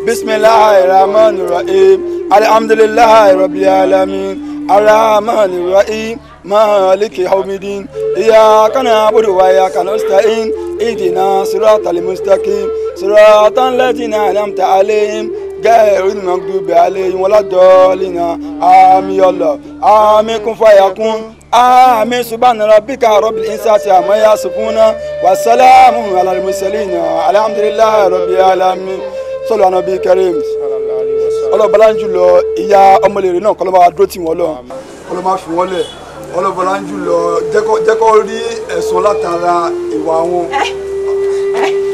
bisimilahi rahman rahim alhamdulilahi rabbil alamin arahman rahim maliki haumidin iyyaka na'budu wa iyyaka nasta'in ihdina siratal mustaqim siratal ladzina an'amta alaihim gẹ́rù ni wọ́n gbé bẹ́ẹ̀ alẹ́ yìí wọ́n ládọ́ọ́lì náà àmì ọlọ́ àmì kún fàyà kún. آمين سبحان ربك رب الإنسان عما يصفون والسلام على المرسلين الحمد لله رب العالمين صلوا على النبي الكريم ọlọ́bọ̀lá ń jùlọ ìyá ọmọlèrè náà kọ́ ló máa dúró tì wọ́n lọ kọ́ ló máa fi wọ́n lẹ̀ ọlọ́bọ̀lá ń jùlọ jẹ́kọ́ rí ẹ̀sùn látara ìwà wọn. Eh,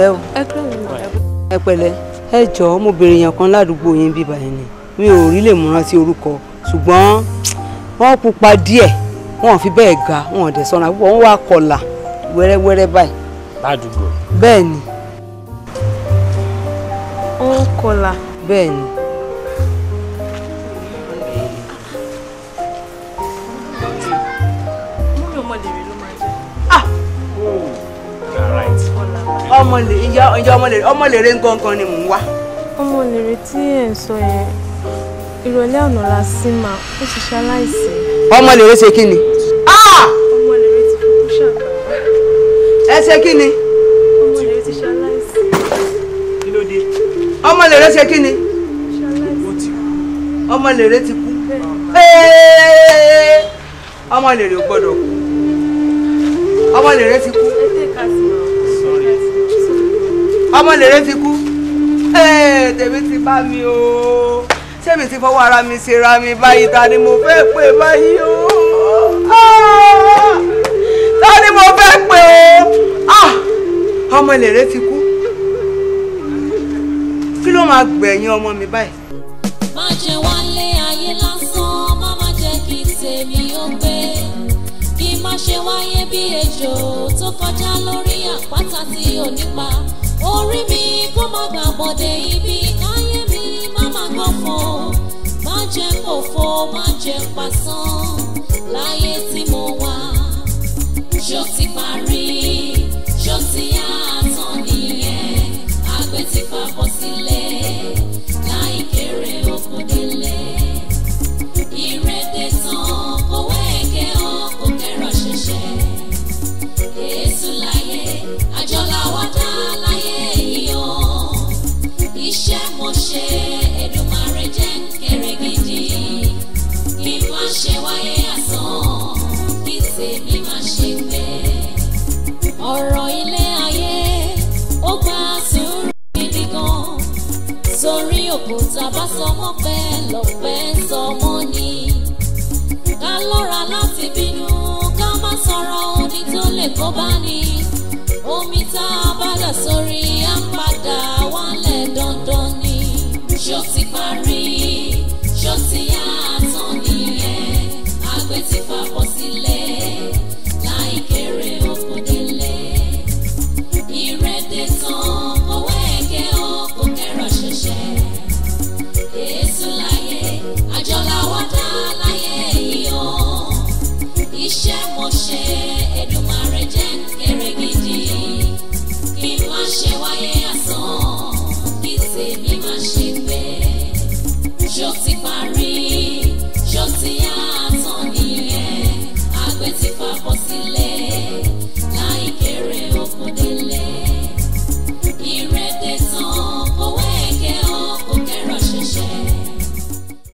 pẹ̀lẹ́ o. ẹ pẹ̀lẹ́ ẹ pẹ̀lẹ́ ẹ jọ̀ọ́ mo béèrè èèyàn kan ládùúgbò yín bíbá yẹn ni mi ò rí lè múra sí orúkọ ṣùgbọ́n wọ́n pupa díẹ̀ wọ́n fi bẹ́ẹ̀ ga wọ́n dẹ̀ sọ́nà púpọ̀ wọ́n wá kọlà wẹ́rẹ́wẹ́rẹ́ báyìí. ládùúgbò. bẹ́ẹ̀ ni. wọ́n kọlà. bẹ́ẹ̀ ni. ọmọ lè ìyá ìyá ọmọ lè ọmọ lè rẹ gangan ni mò ń wá. ọmọ lè rẹ tí ẹ ń sọ yẹn ìrọ̀lẹ́ ọ̀nà la sí ma ó sì ṣaláìsí. ọmọ lè rẹ ṣe kí ni. Ah! ọmọ lè rẹ ti kúkú ṣàgbà. ẹ ṣe kí ni. ọmọ lè rẹ ti ṣaláìsí. kí ló dé. ọmọ lè rẹ ṣe kí ni. ọmọ lè rẹ ti kú. ọmọ lè rẹ ò gbọ́dọ̀ kú. ọmọ lè rẹ ti kú ọmọ lèrè ti kú eh, tèmi ti bá mi o ṣébi ti fọwọ́ ara mi ṣe ra mi báyìí ta ni mo fẹ́ pè báyìí o ah! ta ni mo fẹ́ pè o ah! ọmọ lèrè ti kú kí ló máa gbẹ̀yìn ọmọ mi báyìí. má jẹ́ wálé ayé lásán má má jẹ́ kí tèmi ó gbé kí má ṣe wáyé bí ejò tó kọjá lórí àpáta tí ò nípa orí mi kó má gbà bọ̀dẹ̀ ibi káyé mi má má gbọ̀fọ̀ má jẹ́ kòfo má jẹ́ pasán láyé tí mo wà ṣó ti parí ṣó ti yá àtọ̀ nìyẹn àgbẹ̀ ti fapọ̀ sílẹ̀. òkúta bá sọ wọ́n pẹ́ lọ́pẹ́ sọ wọ́n ni. ká lọ́ra láti bínú ká má sọ̀rọ̀ òdì tó lè kó bá ní. omi tá a bá dà sórí á ń padà wálẹ̀ dandan ni. ṣó ti parí ṣó ti yá àtọ̀ nìyẹn àgbẹ̀ ti fà sí.